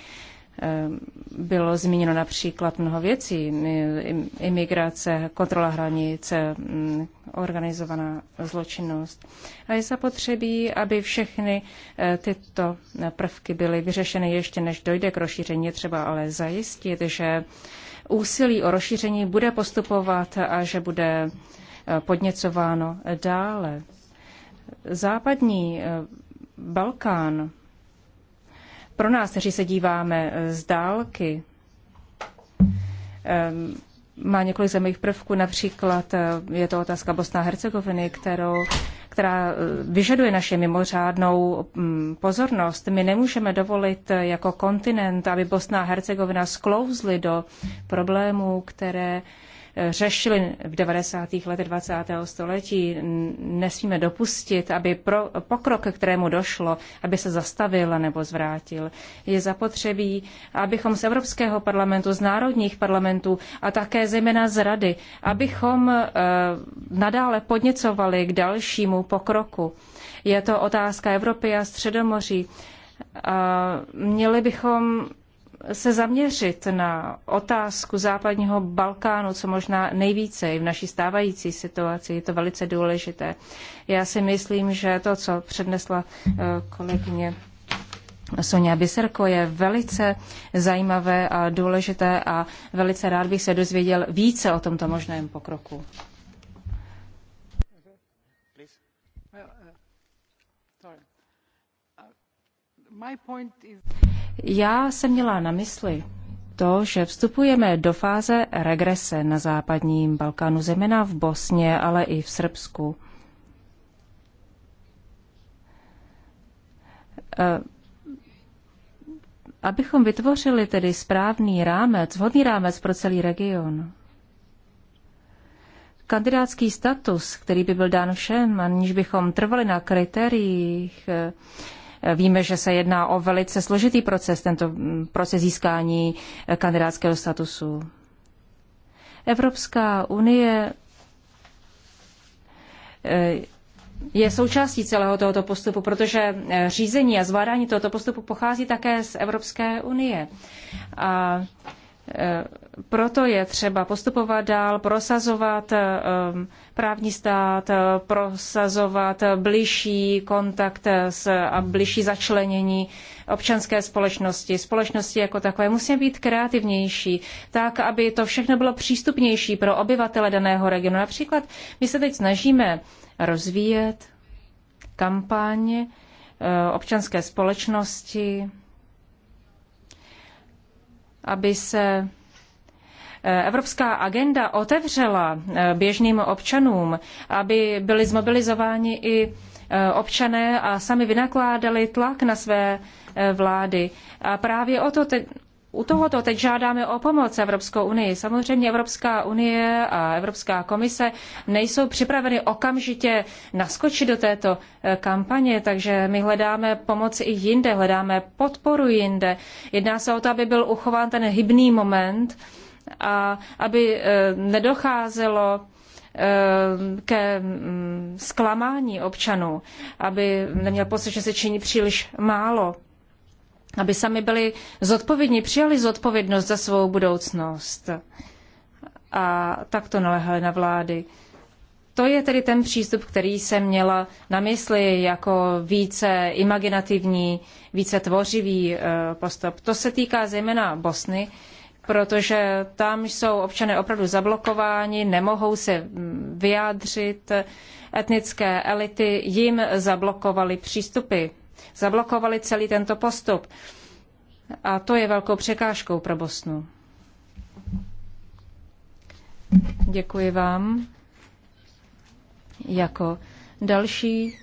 Ehm, bylo zmíněno například mnoho věcí, imigrace, kontrola hranice, mm, organizovaná zločinnost. A je zapotřebí, aby všechny e, tyto prvky byly vyřešeny ještě než dojde k rozšíření, třeba ale zajistit, že úsilí o rozšíření bude postupovat a že bude e, podněcováno dále. Západní eh, Balkán pro nás, kteří se díváme eh, z dálky, eh, má několik zemích prvků, například je to otázka Bosna a Hercegoviny, kterou, která vyžaduje naše mimořádnou mm, pozornost. My nemůžeme dovolit jako kontinent, aby Bosna a Hercegovina sklouzly do problémů, které řešili v 90. letech 20. století. Nesmíme dopustit, aby pro pokrok, kterému došlo, aby se zastavil nebo zvrátil. Je zapotřebí, abychom z Evropského parlamentu, z národních parlamentů a také zejména z Rady, abychom eh, nadále podněcovali k dalšímu pokroku. Je to otázka Evropy a Středomoří. A měli bychom se zaměřit na otázku západního Balkánu, co možná nejvíce i v naší stávající situaci. Je to velice důležité. Já si myslím, že to, co přednesla eh, kolegyně Sonja Biserko, je velice zajímavé a důležité a velice rád bych se dozvěděl více o tomto možném pokroku. Já jsem měla na mysli to, že vstupujeme do fáze regrese na západním Balkánu, zejména v Bosně, ale i v Srbsku. Eh, abychom vytvořili tedy správný rámec, vhodný rámec pro celý region. Kandidátský status, který by byl dán všem, aniž bychom trvali na kritériích, eh, Víme, že se jedná o velice složitý proces, tento proces získání kandidátského statusu. Evropská unie eh, je součástí celého tohoto postupu, protože eh, řízení a zvládání tohoto postupu pochází také z Evropské unie. A Eh, proto je třeba postupovat dál, prosazovat eh, právní stát, eh, prosazovat blížší kontakt a blížší začlenění občanské společnosti, společnosti jako takové. Musíme být kreativnější, tak, aby to všechno bylo přístupnější pro obyvatele daného regionu. Například my se teď snažíme rozvíjet kampaň občanské společnosti, aby se eh, evropská agenda otevřela eh, běžným občanům, aby byli zmobilizováni i eh, občané a sami vynakládali tlak na své vlády. A právě o to, te, u tohoto teď žádáme o pomoc Evropskou unii. Samozřejmě Evropská unie a Evropská komise nejsou připraveny okamžitě naskočit do této eh, kampaně, takže my hledáme pomoc i jinde, hledáme podporu jinde. Jedná se o to, aby byl uchován ten hybný moment a aby eh, nedocházelo eh, ke mm, zklamání občanů, aby neměl pocit, že se činí příliš málo aby sami byli zodpovědní, přijali zodpovědnost za svou budoucnost. A tak to naléhali na vlády. To je tedy ten přístup, který jsem měla na mysli jako více imaginativní, více tvořivý eh, postup. To se týká zejména Bosny, protože tam jsou občané opravdu zablokováni, nemohou se mm, vyjádřit. Etnické elity jim zablokovaly přístupy zablokovali celý tento postup. A to je velkou překážkou pro Bosnu. Děkuji vám. Jako další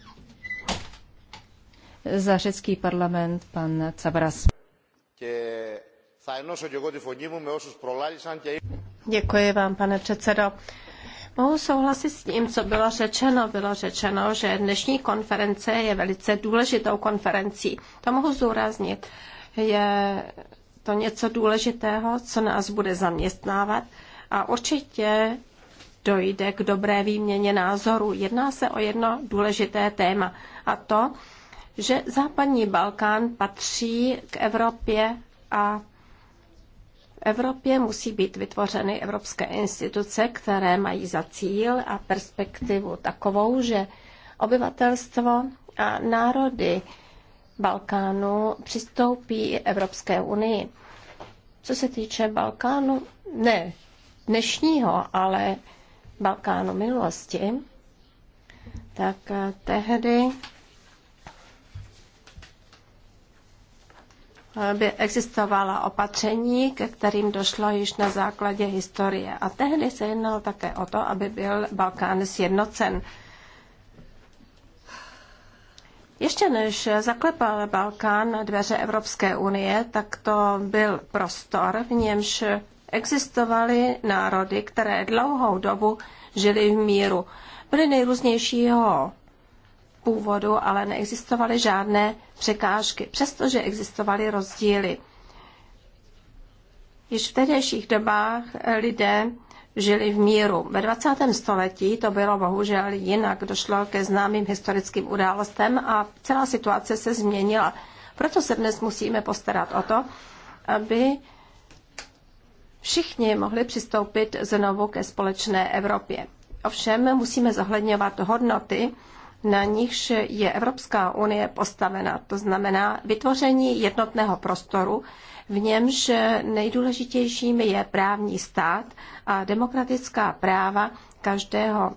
za řecký parlament pan Cabras. Děkuji vám, pane předsedo. Mohu souhlasit s tím, co bylo řečeno. Bylo řečeno, že dnešní konference je velice důležitou konferencí. To mohu zúraznit. Je to něco důležitého, co nás bude zaměstnávat a určitě dojde k dobré výměně názorů. Jedná se o jedno důležité téma a to, že západní Balkán patří k Evropě a Evropě musí být vytvořeny evropské instituce, které mají za cíl a perspektivu takovou, že obyvatelstvo a národy Balkánu přistoupí Evropské unii. Co se týče Balkánu, ne dnešního, ale Balkánu minulosti, tak tehdy by existovala opatření, ke kterým došlo již na základě historie. A tehdy se jednalo také o to, aby byl Balkán sjednocen. Ještě než zaklepal Balkán na dveře Evropské unie, tak to byl prostor, v němž existovaly národy, které dlouhou dobu žili v míru. Byly nejrůznějšího původu, ale neexistovaly žádné překážky, přestože existovaly rozdíly. Již v tehdejších dobách lidé žili v míru. Ve 20. století to bylo bohužel jinak. Došlo ke známým historickým událostem a celá situace se změnila. Proto se dnes musíme postarat o to, aby všichni mohli přistoupit znovu ke společné Evropě. Ovšem musíme zohledňovat hodnoty, na nichž je Evropská unie postavena. To znamená vytvoření jednotného prostoru, v němž nejdůležitějším je právní stát a demokratická práva každého.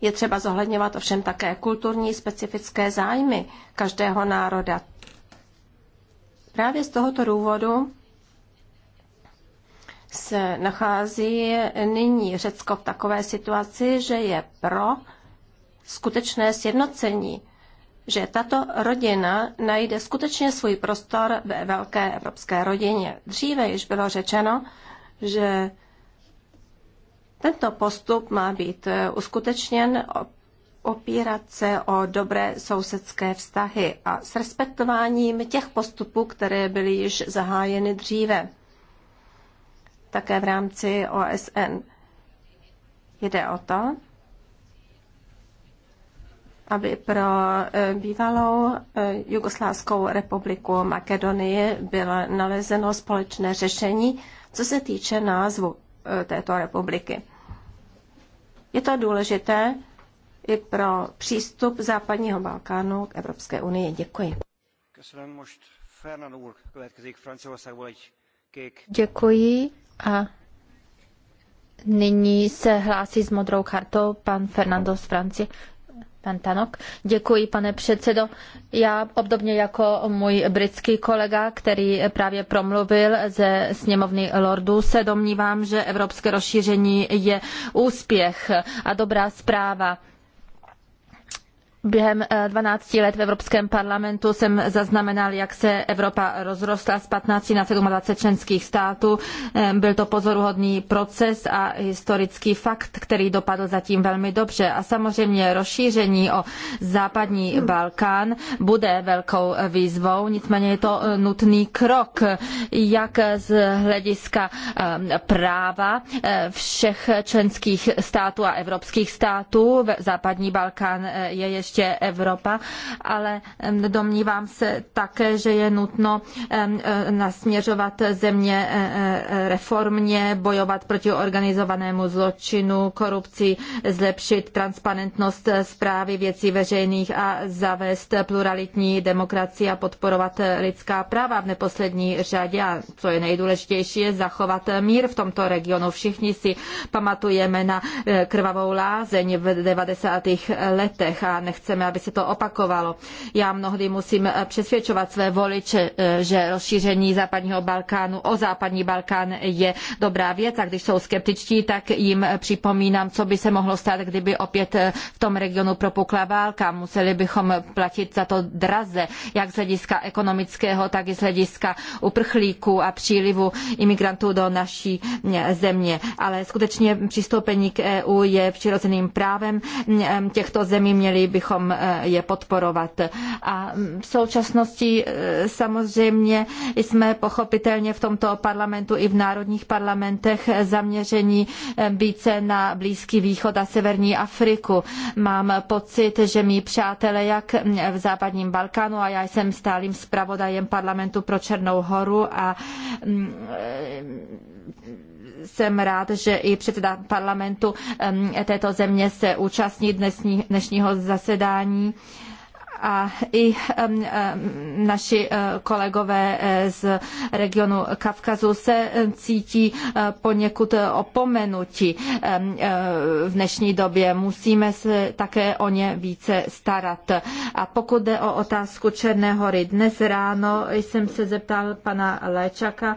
Je třeba zohledňovat ovšem také kulturní specifické zájmy každého národa. Právě z tohoto důvodu se nachází nyní Řecko v takové situaci, že je pro skutečné sjednocení, že tato rodina najde skutečně svůj prostor ve velké evropské rodině. Dříve již bylo řečeno, že tento postup má být eh, uskutečněn opírat se o dobré sousedské vztahy a s respektováním těch postupů, které byly již zahájeny dříve, také v rámci OSN. Jde o to, aby pro eh, bývalou eh, Jugoslávskou republiku Makedonii bylo nalezeno společné řešení, co se týče názvu eh, této republiky. Je to důležité i pro přístup západního Balkánu k Evropské unii. Děkuji. Děkuji a nyní se hlásí s modrou kartou pan Fernando z Francie. Pan Tanok. Děkuji, pane předsedo. Já obdobně jako můj britský kolega, který právě promluvil ze sněmovny Lordů, se domnívám, že evropské rozšíření je úspěch a dobrá zpráva Během 12 eh, let v Evropském parlamentu jsem zaznamenal, jak se Evropa rozrostla z 15 na 27 členských států. Eh, byl to pozoruhodný proces a historický fakt, který dopadl zatím velmi dobře. A samozřejmě rozšíření o západní Balkán bude velkou výzvou, nicméně je to eh, nutný krok, jak z hlediska práva všech členských států a evropských států. Západní Balkán je ještě ještě Evropa, ale domnívám se také, že je nutno e, nasměřovat země e, e, reformně, bojovat proti organizovanému zločinu, korupci, zlepšit transparentnost zprávy věcí veřejných a zavést pluralitní demokracii a podporovat lidská práva v neposlední řadě a co je nejdůležitější, je zachovat mír v tomto regionu. Všichni si pamatujeme na krvavou lázeň v 90. letech a nechci nechceme, aby se to opakovalo. Já mnohdy musím eh, přesvědčovat své voliče, eh, že rozšíření západního Balkánu o západní Balkán je dobrá věc a když jsou skeptičtí, tak jim eh, připomínám, co by se mohlo stát, kdyby opět v tom regionu propukla válka. Museli bychom platit za to draze, jak z hlediska ekonomického, tak i z hlediska uprchlíků a přílivu imigrantů do naší mm, země. Ale skutečně přistoupení k EU je přirozeným právem mm, těchto zemí. Měli bychom bychom eh, je podporovat. A v současnosti eh, samozřejmě jsme pochopitelně v tomto parlamentu i v národních parlamentech zaměření eh, více na Blízký východ a Severní Afriku. Mám pocit, že mý přátelé jak v západním Balkánu a já jsem stálým zpravodajem parlamentu pro Černou horu a mm, jsem rád, že i předseda parlamentu této země se účastní dnesní, dnešního zasedání a i naši eh, kolegové eh, z regionu Kavkazu se eh, cítí poněkud opomenuti v dnešní době. Musíme se také o ně více starat. A pokud jde o otázku Černé hory, dnes ráno jsem se zeptal pana Léčaka,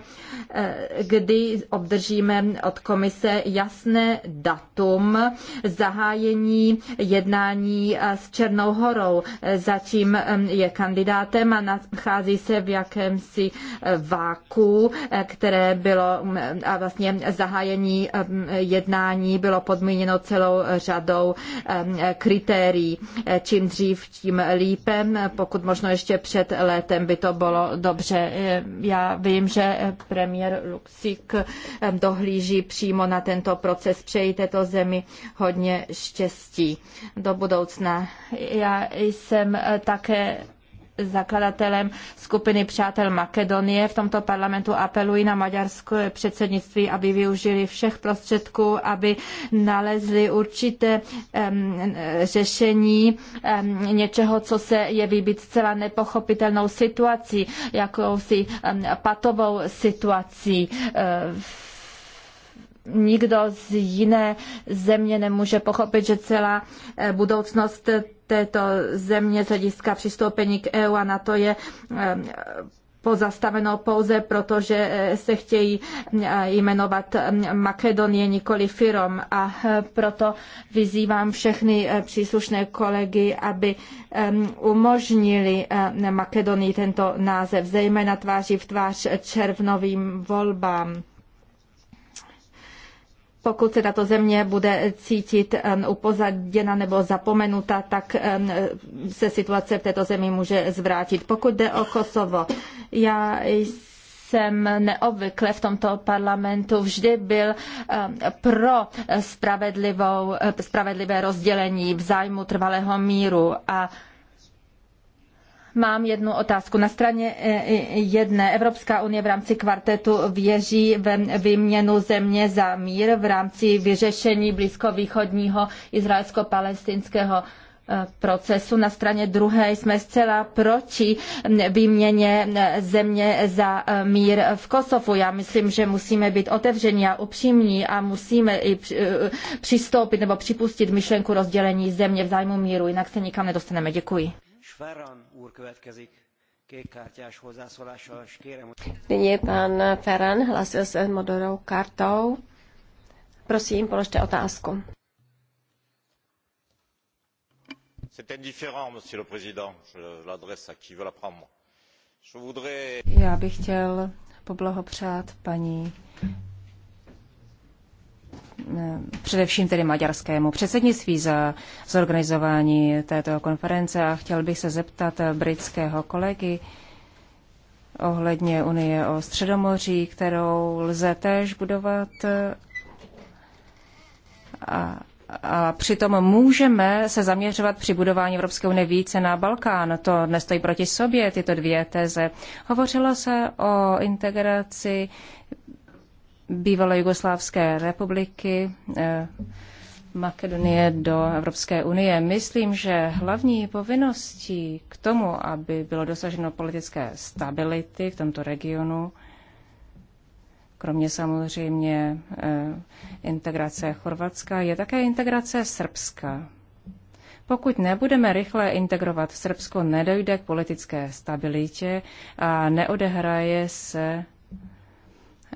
kdy obdržíme od komise jasné datum zahájení jednání s Černou horou. Za zatím je kandidátem a nachází se v jakémsi eh, váku, eh, které bylo mm, a vlastně zahájení jednání bylo podmíněno celou řadou kritérií. Eh, čím dřív, tím lípe, pokud možno ještě před létem by to bylo dobře. Já vím, že premiér Luxik dohlíží přímo na tento proces. Přeji této zemi hodně štěstí do budoucna. Já jsem Eh, také zakladatelem skupiny Přátel Makedonie. V tomto parlamentu apeluji na maďarské předsednictví, aby využili všech prostředků, aby nalezli určité um, řešení um, něčeho, co se jeví být zcela nepochopitelnou situací, jakousi um, patovou situací. Uh, nikdo z jiné země nemůže pochopit, že celá eh, budoucnost této země z hlediska přistoupení k EU a na to je eh, pozastaveno pouze proto, že eh, se chtějí eh, jmenovat Makedonie, nikoli Firom. A proto vyzývám všechny příslušné kolegy, aby umožnili Makedonii tento název, zejména tváří v tvář červnovým volbám pokud se tato země bude cítit um, upozaděna nebo zapomenuta, tak um, se situace v této zemi může zvrátit. Pokud jde o Kosovo, já jsem neobvykle v tomto parlamentu vždy byl um, pro spravedlivou, spravedlivé rozdělení v zájmu trvalého míru a Mám jednu otázku. Na straně e, e, jedné Evropská unie v rámci kvartetu věří ve výměnu země za mír v rámci vyřešení blízkovýchodního izraelsko-palestinského e, procesu. Na straně druhé jsme zcela proti výměně země za mír v Kosovu. Já myslím, že musíme být otevření a upřímní a musíme i přistoupit nebo připustit myšlenku rozdělení země v zájmu míru, jinak se nikam nedostaneme. Děkuji. Nyní pan Ferran hlásil se modrou kartou. Prosím, položte otázku. C'est indifférent, monsieur le président. Je l'adresse à qui veut la prendre. Já bych chtěl poblahopřát paní Eh, především tedy maďarskému předsednictví za zorganizování této konference a chtěl bych se zeptat britského kolegy ohledně Unie o Středomoří, kterou lze též budovat a, a přitom můžeme se zaměřovat při budování Evropské unie více na Balkán. To nestojí proti sobě, tyto dvě teze. Hovořilo se o integraci bývalé Jugoslávské republiky eh, Makedonie do Evropské unie. Myslím, že hlavní povinností k tomu, aby bylo dosaženo politické stability v tomto regionu, kromě samozřejmě eh, integrace Chorvatska, je také integrace Srbska. Pokud nebudeme rychle integrovat Srbsko, nedojde k politické stabilitě a neodehraje se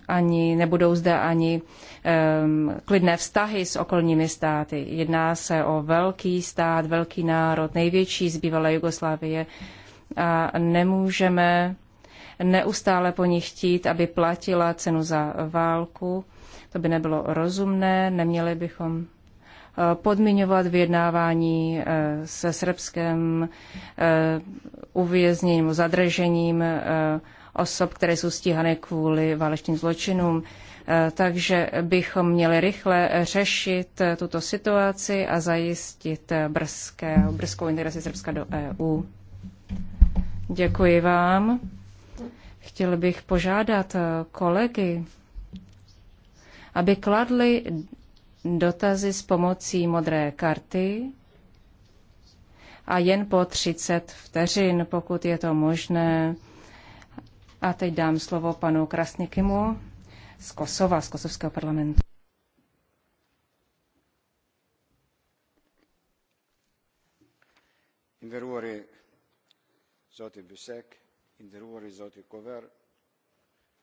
ani nebudou zde ani um, klidné vztahy s okolními státy. Jedná se o velký stát, velký národ, největší z bývalé Jugoslávie a nemůžeme neustále po nich chtít, aby platila cenu za válku. To by nebylo rozumné, neměli bychom eh, podmiňovat vyjednávání eh, se srbským eh, uvězněním, zadržením osob, které jsou stíhané kvůli válečným zločinům. Eh, takže bychom měli rychle řešit eh, tuto situaci a zajistit eh, brzké, brzkou integraci Srbska do EU. Děkuji vám. Chtěl bych požádat kolegy, aby kladli dotazy s pomocí modré karty a jen po 30 vteřin, pokud je to možné, a teď dám slovo panu Krasnikimu z Kosova, z kosovského parlamentu.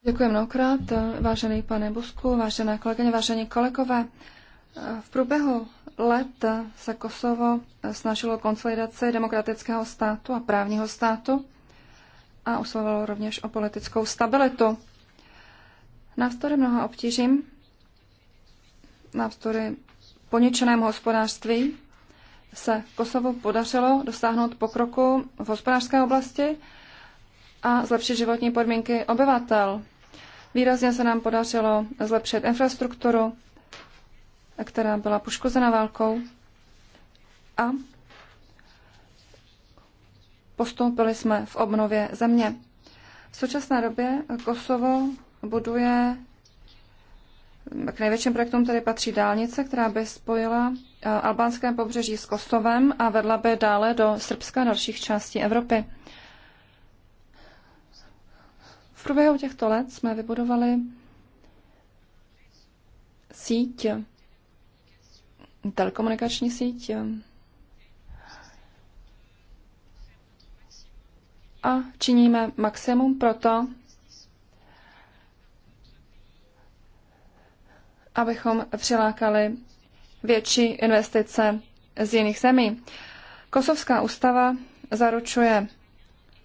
Děkuji mnohokrát, vážený pane Busku, vážené kolegyně, vážení kolegové. V průběhu let se Kosovo snažilo konsolidaci demokratického státu a právního státu a usilovalo rovněž o politickou stabilitu. Navzdory mnoha obtížím, navzdory poničenému hospodářství, se Kosovu podařilo dosáhnout pokroku v hospodářské oblasti a zlepšit životní podmínky obyvatel. Výrazně se nám podařilo zlepšit infrastrukturu, která byla poškozena válkou a Postoupili jsme v obnově země. V současné době Kosovo buduje k největším projektům tedy patří dálnice, která by spojila eh, albánské pobřeží s Kosovem a vedla by dále do Srbska a dalších částí Evropy. V průběhu těchto let jsme vybudovali síť, telekomunikační síť, a činíme maximum pro to, abychom přilákali větší investice z jiných zemí. Kosovská ústava zaručuje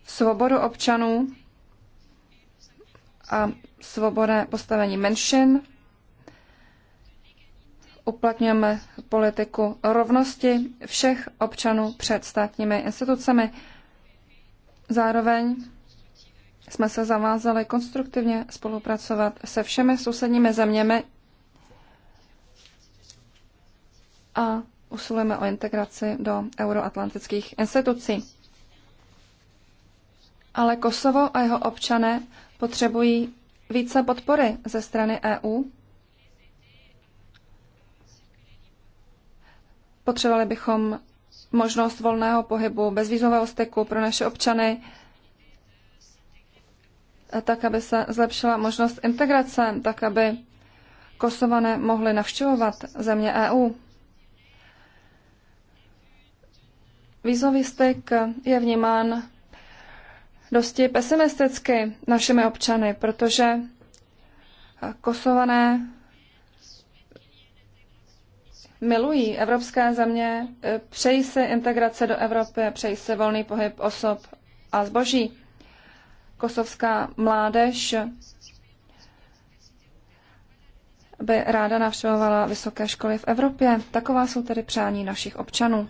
svobodu občanů a svobodné postavení menšin. Uplatňujeme politiku rovnosti všech občanů před státními institucemi. Zároveň jsme se zavázali konstruktivně spolupracovat se všemi sousedními zeměmi a usilujeme o integraci do euroatlantických institucí. Ale Kosovo a jeho občané potřebují více podpory ze strany EU. Potřebovali bychom možnost volného pohybu, bezvýzového steku pro naše občany, tak, aby se zlepšila možnost integrace, tak, aby Kosované mohli navštěvovat země EU. Výzový styk je vnímán dosti pesimisticky našimi občany, protože Kosované milují evropské země, eh, přejí si integrace do Evropy, přejí si volný pohyb osob a zboží. Kosovská mládež by ráda navštěvovala vysoké školy v Evropě. Taková jsou tedy přání našich občanů.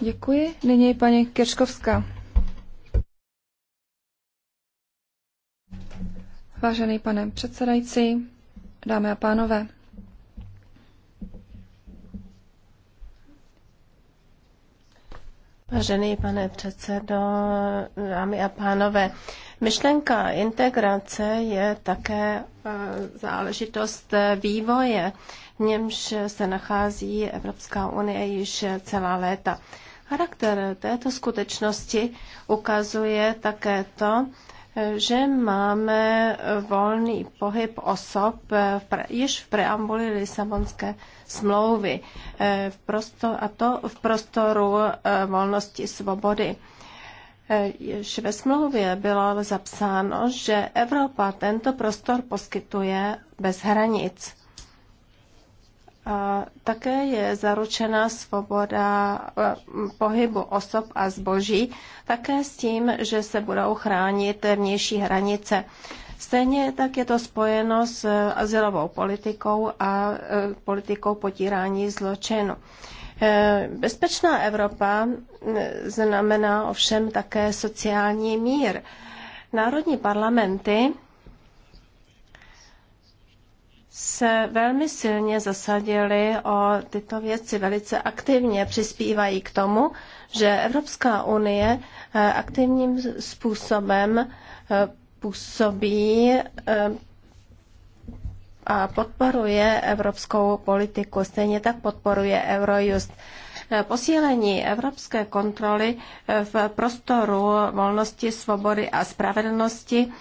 Děkuji. Nyní paní Kirškovská. Vážený pane předsedající, dámy a pánové, Vážený pane předsedo, dámy a pánové, myšlenka integrace je také e, záležitost vývoje, v němž se nachází Evropská unie již celá léta. Charakter této skutečnosti ukazuje také to, že máme volný pohyb osob v pre, již v preambuli Lisabonské smlouvy eh, v prostor, a to v prostoru eh, volnosti svobody. Eh, již ve smlouvě bylo zapsáno, že Evropa tento prostor poskytuje bez hranic. A také je zaručena svoboda pohybu osob a zboží, také s tím, že se budou chránit vnější hranice. Stejně tak je to spojeno s e, azylovou politikou a e, politikou potírání zločinu. E, bezpečná Evropa znamená ovšem také sociální mír. Národní parlamenty se velmi silně zasadili o tyto věci, velice aktivně přispívají k tomu, že Evropská unie aktivním způsobem působí eh, a podporuje evropskou politiku. Stejně tak podporuje Eurojust. Eh, posílení evropské kontroly eh, v prostoru volnosti, svobody a spravedlnosti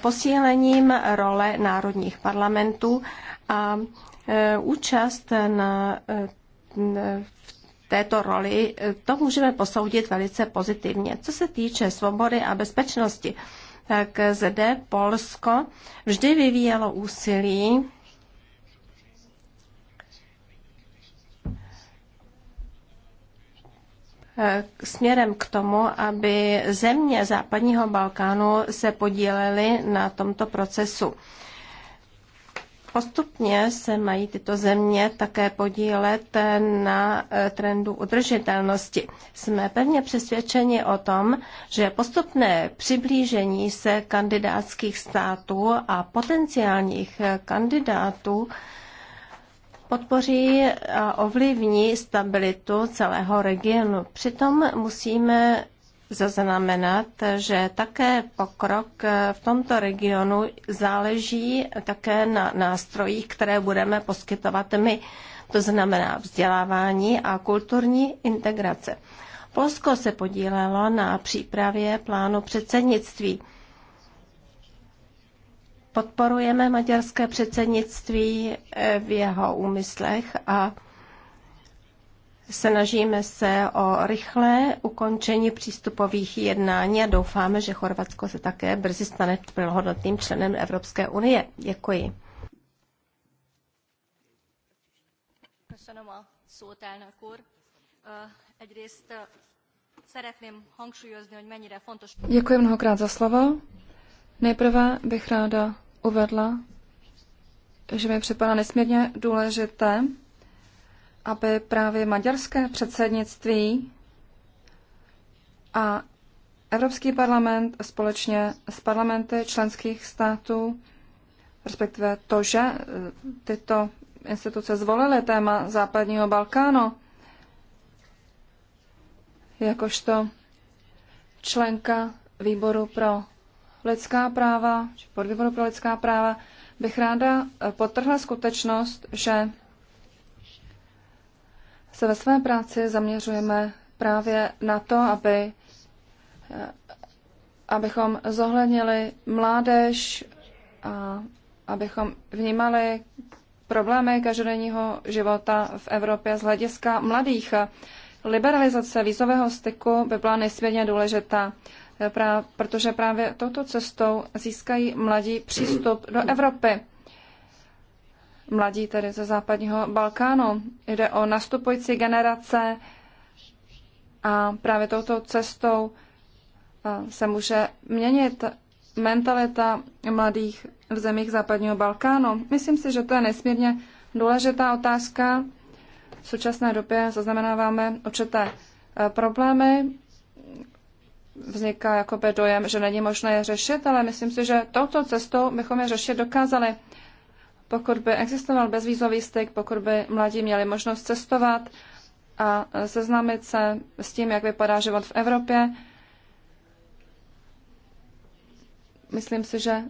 posílením role národních parlamentů a účast na, v této roli, to můžeme posoudit velice pozitivně. Co se týče svobody a bezpečnosti, tak zde Polsko vždy vyvíjelo úsilí směrem k tomu, aby země západního Balkánu se podílely na tomto procesu. Postupně se mají tyto země také podílet eh, na eh, trendu udržitelnosti. Jsme pevně přesvědčeni o tom, že postupné přiblížení se kandidátských států a potenciálních eh, kandidátů podpoří a ovlivní stabilitu celého regionu. Přitom musíme zaznamenat, že také pokrok v tomto regionu záleží také na nástrojích, které budeme poskytovat my, to znamená vzdělávání a kulturní integrace. Polsko se podílelo na přípravě plánu předsednictví. Podporujeme maďarské předsednictví v jeho úmyslech a Snažíme se o rychlé ukončení přístupových jednání a doufáme, že Chorvatsko se také brzy stane plnohodnotným členem Evropské unie. Děkuji. Děkuji mnohokrát za slovo. Nejprve bych ráda uvedla, že mi připadá nesmírně důležité, aby právě maďarské předsednictví a Evropský parlament společně s parlamenty členských států, respektive to, že e, tyto instituce zvolily téma západního Balkánu, jakožto členka výboru pro lidská práva, či podvýboru pro lidská práva, bych ráda e, potrhla skutečnost, že se ve své práci zaměřujeme právě na to, aby, eh, abychom zohlednili mládež a abychom vnímali problémy každodenního života v Evropě z hlediska mladých. Liberalizace vízového styku by byla nesmírně důležitá, eh, protože právě touto cestou získají mladí přístup do Evropy mladí tedy ze západního Balkánu. Jde o nastupující generace a právě touto cestou eh, se může měnit mentalita mladých v zemích západního Balkánu. Myslím si, že to je nesmírně důležitá otázka. V současné době zaznamenáváme určité eh, problémy. Vzniká jakoby dojem, že není možné je řešit, ale myslím si, že touto cestou bychom je řešit dokázali pokud by existoval bezvízový styk, pokud by mladí měli možnost cestovat a seznámit se s tím, jak vypadá život v Evropě. Myslím si, že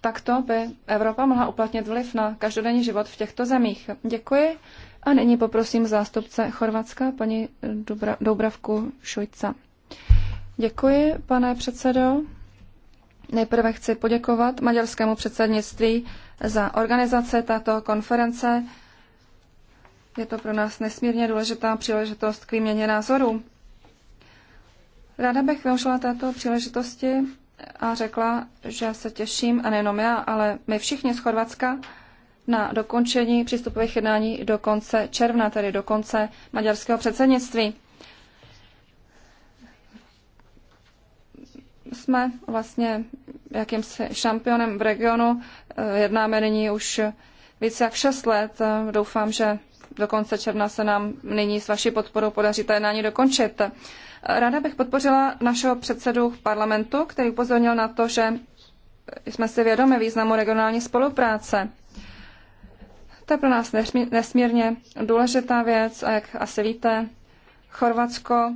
takto by Evropa mohla uplatnit vliv na každodenní život v těchto zemích. Děkuji a nyní poprosím zástupce Chorvatska, paní Dubra, Dubravku Šujca. Děkuji, pane předsedo. Nejprve chci poděkovat maďarskému předsednictví za organizaci této konference. Je to pro nás nesmírně důležitá příležitost k výměně názorů. Ráda bych využila této příležitosti a řekla, že se těším, a nejenom já, ale my všichni z Chorvatska, na dokončení přístupových jednání do konce června, tedy do konce maďarského předsednictví. jsme vlastně jakýmsi šampionem v regionu. Eh, jednáme nyní už více jak 6 let. Eh, doufám, že do konce června se nám nyní s vaší podporou podaří to jednání dokončit. Eh, ráda bych podpořila našeho předsedu parlamentu, který upozornil na to, že jsme si vědomi významu regionální spolupráce. To je pro nás nesmírně důležitá věc a jak asi víte, Chorvatsko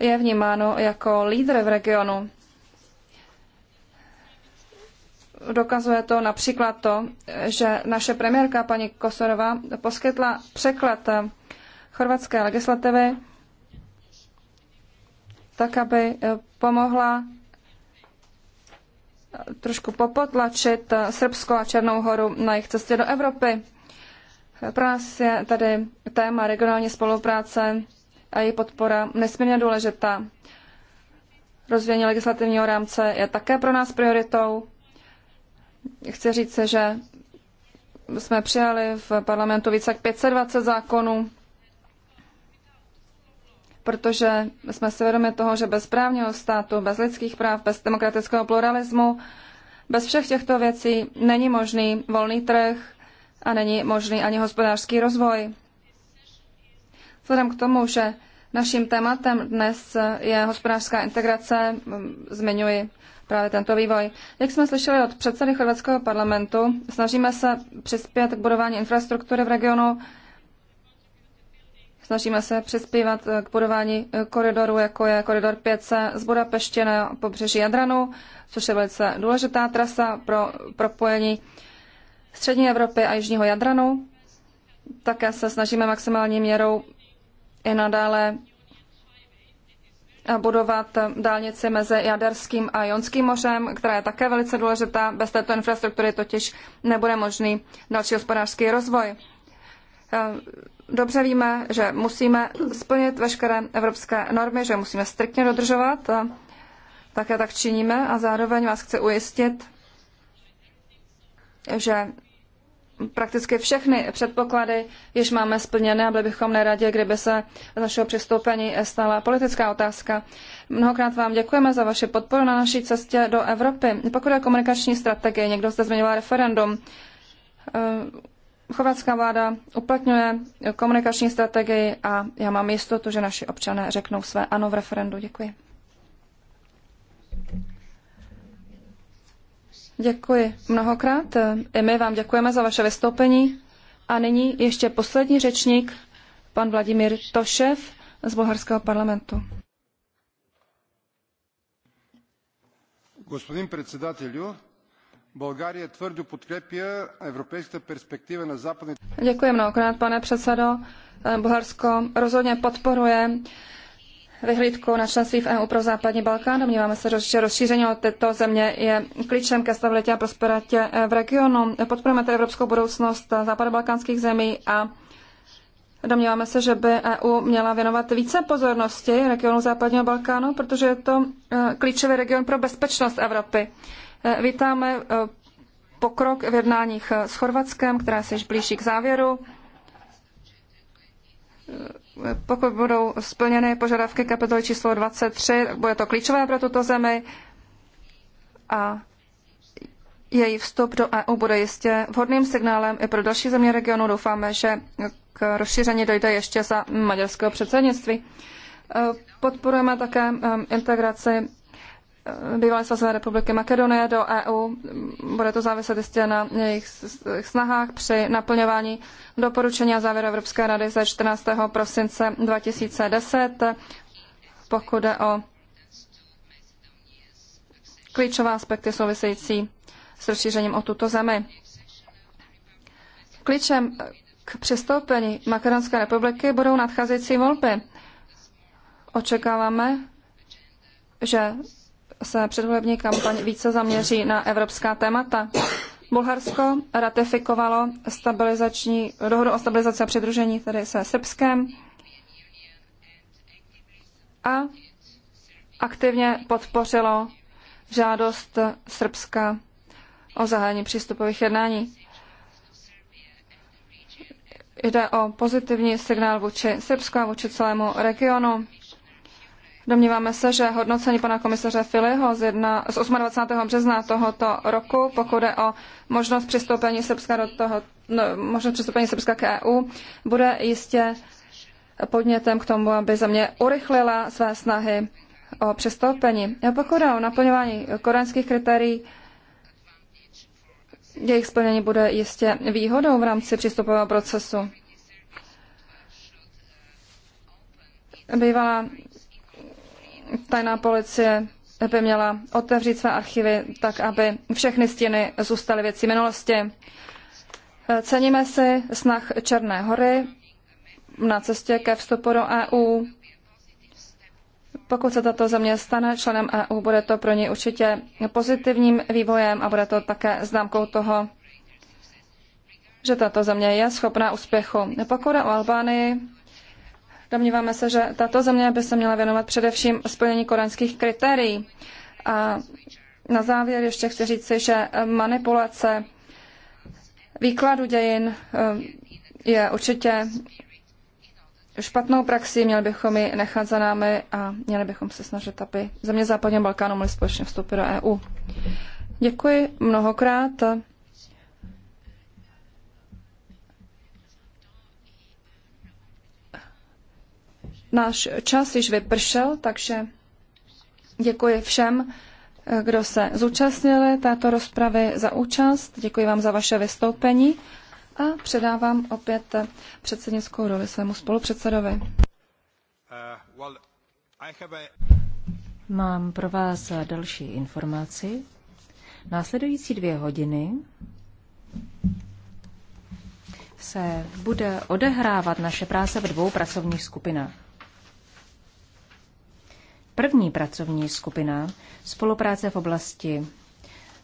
je vnímáno jako lídr v regionu. Dokazuje to například to, že naše premiérka paní Kosorová poskytla překlad chorvatské legislativy tak, aby eh, pomohla eh, trošku popotlačit eh, Srbsko a Černou horu na jejich cestě do Evropy. Pro nás je tady téma regionální spolupráce a její podpora nesmírně důležitá. Rozvíjení legislativního rámce je také pro nás prioritou chci říct, že jsme přijali v parlamentu více jak 520 zákonů, protože jsme si vědomi toho, že bez právního státu, bez lidských práv, bez demokratického pluralismu, bez všech těchto věcí není možný volný trh a není možný ani hospodářský rozvoj. Vzhledem k tomu, že naším tématem dnes je hospodářská integrace, mm, zmiňuji právě tento vývoj. Jak jsme slyšeli od předsedy chorvatského parlamentu, snažíme se přispět k budování infrastruktury v regionu, snažíme se přispívat eh, k budování eh, koridoru, jako je koridor 5 z Budapeště na pobřeží Jadranu, což je velice důležitá trasa pro propojení střední Evropy a jižního Jadranu. Také se snažíme maximální měrou i nadále budovat dálnici mezi Jaderským a Jonským mořem, která je také velice důležitá. Bez této infrastruktury totiž nebude možný další hospodářský rozvoj. Eh, dobře víme, že musíme splnit veškeré evropské normy, že musíme striktně dodržovat. Také tak činíme a zároveň vás chci ujistit, že prakticky všechny předpoklady již máme splněné a byli bychom neradi, kdyby se z našeho přistoupení stala politická otázka. Mnohokrát vám děkujeme za vaši podporu na naší cestě do Evropy. Pokud je komunikační strategie, někdo zde zmiňoval referendum, eh, chorvatská vláda uplatňuje komunikační strategii a já mám jistotu, že naši občané řeknou své ano v referendu. Děkuji. Děkuji mnohokrát. I my vám děkujeme za vaše vystoupení. A nyní ještě poslední řečník, pan Vladimír Tošev z bulharského parlamentu. Господин председателю, Bulgárie tvrdo podkrepě evropská perspektiva na západní... Děkuji mnohokrát, pane předsedo. Bulharsko rozhodně podporuje vyhlídku na členství v EU pro západní Balkán. Domníváme se, že rozšíření od této země je klíčem ke stabilitě a prosperitě eh, v regionu. Podporujeme tedy evropskou budoucnost západobalkánských zemí a domníváme se, že by EU měla věnovat více pozornosti regionu západního Balkánu, protože je to eh, klíčový region pro bezpečnost Evropy. Eh, vítáme pokrok v jednáních s Chorvatskem, která se již blíží k závěru pokud budou splněny požadavky kapitoly číslo 23, bude to klíčové pro tuto zemi a její vstup do EU bude jistě vhodným signálem i pro další země regionu. Doufáme, že k rozšíření dojde ještě za maďarského předsednictví. Podporujeme také integraci bývalé svazené republiky Makedonie do EU. Bude to záviset jistě na jejich snahách při naplňování doporučení a závěru Evropské rady ze 14. prosince 2010, pokud jde o klíčové aspekty související s rozšířením o tuto zemi. Klíčem k přistoupení Makedonské republiky budou nadcházející volby. Očekáváme, že se předvolební kampaň více zaměří na evropská témata. Bulharsko ratifikovalo stabilizační, dohodu o stabilizaci a přidružení tedy se Srbskem a aktivně podpořilo žádost Srbska o zahájení přístupových jednání. Jde o pozitivní signál vůči Srbsku a vůči celému regionu. Domníváme se, že hodnocení pana komisaře Filiho z, jedna, z 28. března tohoto roku, pokud je o možnost přistoupení Srbska, do toho, no, možnost přistoupení Srbska k EU, bude jistě podnětem k tomu, aby země urychlila své snahy o přistoupení. A pokud je o naplňování koreanských kritérií, jejich splnění bude jistě výhodou v rámci přístupového procesu. Bývalá tajná policie by měla otevřít své archivy tak, aby všechny stěny zůstaly věcí minulosti. Ceníme si snah Černé hory na cestě ke vstupu do EU. Pokud se tato země stane členem EU, bude to pro ní určitě pozitivním vývojem a bude to také známkou toho, že tato země je schopná úspěchu. Pokud je o Albánii, Domníváme se, že tato země by se měla věnovat především splnění kodaňských kritérií. A na závěr ještě chci říci, že manipulace výkladu dějin eh, je určitě špatnou praxi, měli bychom ji nechat za námi a měli bychom se snažit, aby země západního Balkánu mohly společně vstoupit do EU. Děkuji mnohokrát. Náš čas již vypršel, takže děkuji všem, kdo se zúčastnili této rozpravy za účast. Děkuji vám za vaše vystoupení a předávám opět předsednickou roli svému spolupředsedovi. Mám pro vás další informaci. Následující dvě hodiny se bude odehrávat naše práce v dvou pracovních skupinách. První pracovní skupina spolupráce v oblasti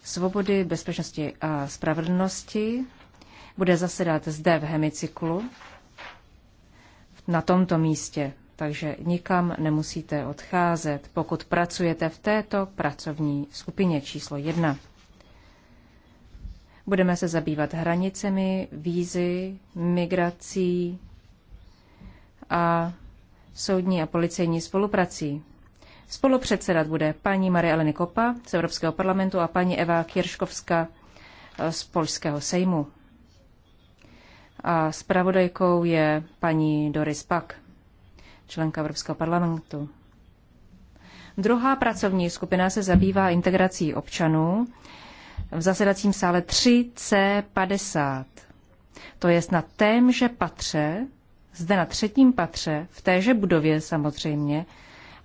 svobody, bezpečnosti a spravedlnosti bude zasedat zde v hemicyklu na tomto místě, takže nikam nemusíte odcházet, pokud pracujete v této pracovní skupině číslo jedna. Budeme se zabývat hranicemi, vízy, migrací a soudní a policejní spoluprací. Spolupředsedat bude paní Marie Eleny Kopa z Evropského parlamentu a paní Eva Kirškovská eh, z Polského sejmu. A zpravodajkou je paní Doris Pak, členka Evropského parlamentu. Druhá pracovní skupina se zabývá integrací občanů v zasedacím sále 3C50. To je na témže patře, zde na třetím patře, v téže budově samozřejmě,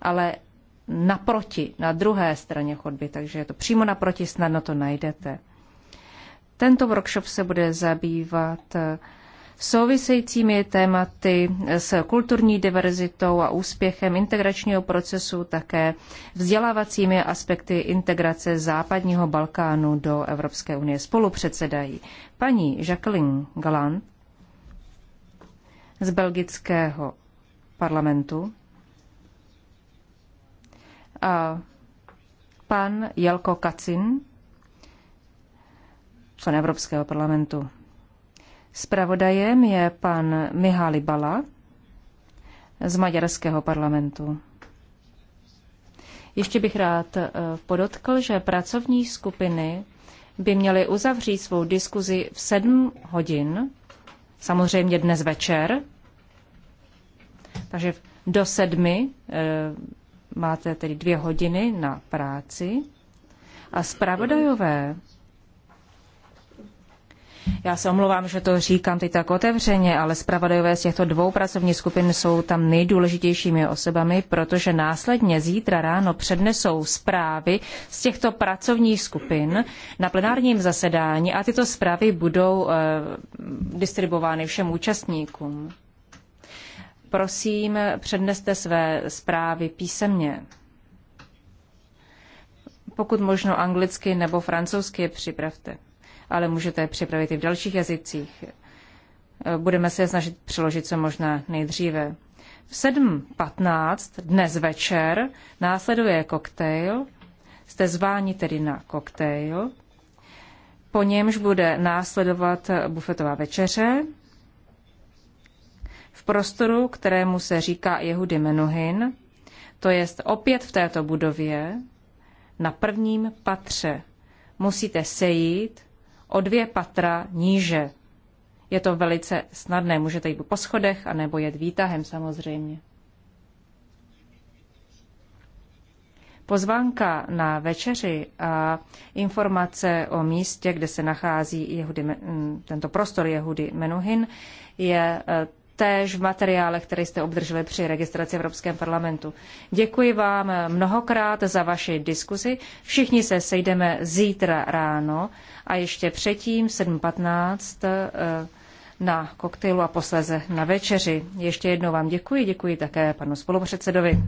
ale naproti, na druhé straně chodby, takže je to přímo naproti, snadno to najdete. Tento workshop se bude zabývat eh, souvisejícími tématy s kulturní diverzitou a úspěchem integračního procesu, také vzdělávacími aspekty integrace západního Balkánu do Evropské unie. Spolupředsedají paní Jacqueline Galant z belgického parlamentu, pan Jelko Kacin, člen Evropského parlamentu. Spravodajem je pan Mihály Bala z Maďarského parlamentu. Ještě bych rád eh, podotkl, že pracovní skupiny by měly uzavřít svou diskuzi v 7 hodin, samozřejmě dnes večer, takže do sedmi eh, máte tedy dvě hodiny na práci a zpravodajové já se omlouvám, že to říkám teď tak otevřeně, ale zpravodajové z těchto dvou pracovních skupin jsou tam nejdůležitějšími osobami, protože následně zítra ráno přednesou zprávy z těchto pracovních skupin na plenárním zasedání a tyto zprávy budou uh, distribuovány všem účastníkům. Prosím, předneste své zprávy písemně. Pokud možno anglicky nebo francouzsky je připravte, ale můžete je připravit i v dalších jazycích. Budeme se je snažit přeložit co možná nejdříve. V 7.15 dnes večer následuje koktejl. Jste zváni tedy na koktejl. Po němž bude následovat bufetová večeře v prostoru, kterému se říká Jehudy Menuhin, to jest opět v této budově, na prvním patře. Musíte sejít o dvě patra níže. Je to velice snadné, můžete jít po schodech a nebo jet výtahem samozřejmě. Pozvánka na večeři a informace o místě, kde se nachází Jehudy, tento prostor Jehudy Menuhin, je eh, též v materiálech, které jste obdrželi při registraci v Evropském parlamentu. Děkuji vám mnohokrát za vaši diskuzi. Všichni se sejdeme zítra ráno a ještě předtím 7.15 eh, na koktejlu a posleze na večeři. Ještě jednou vám děkuji, děkuji také panu spolupředsedovi.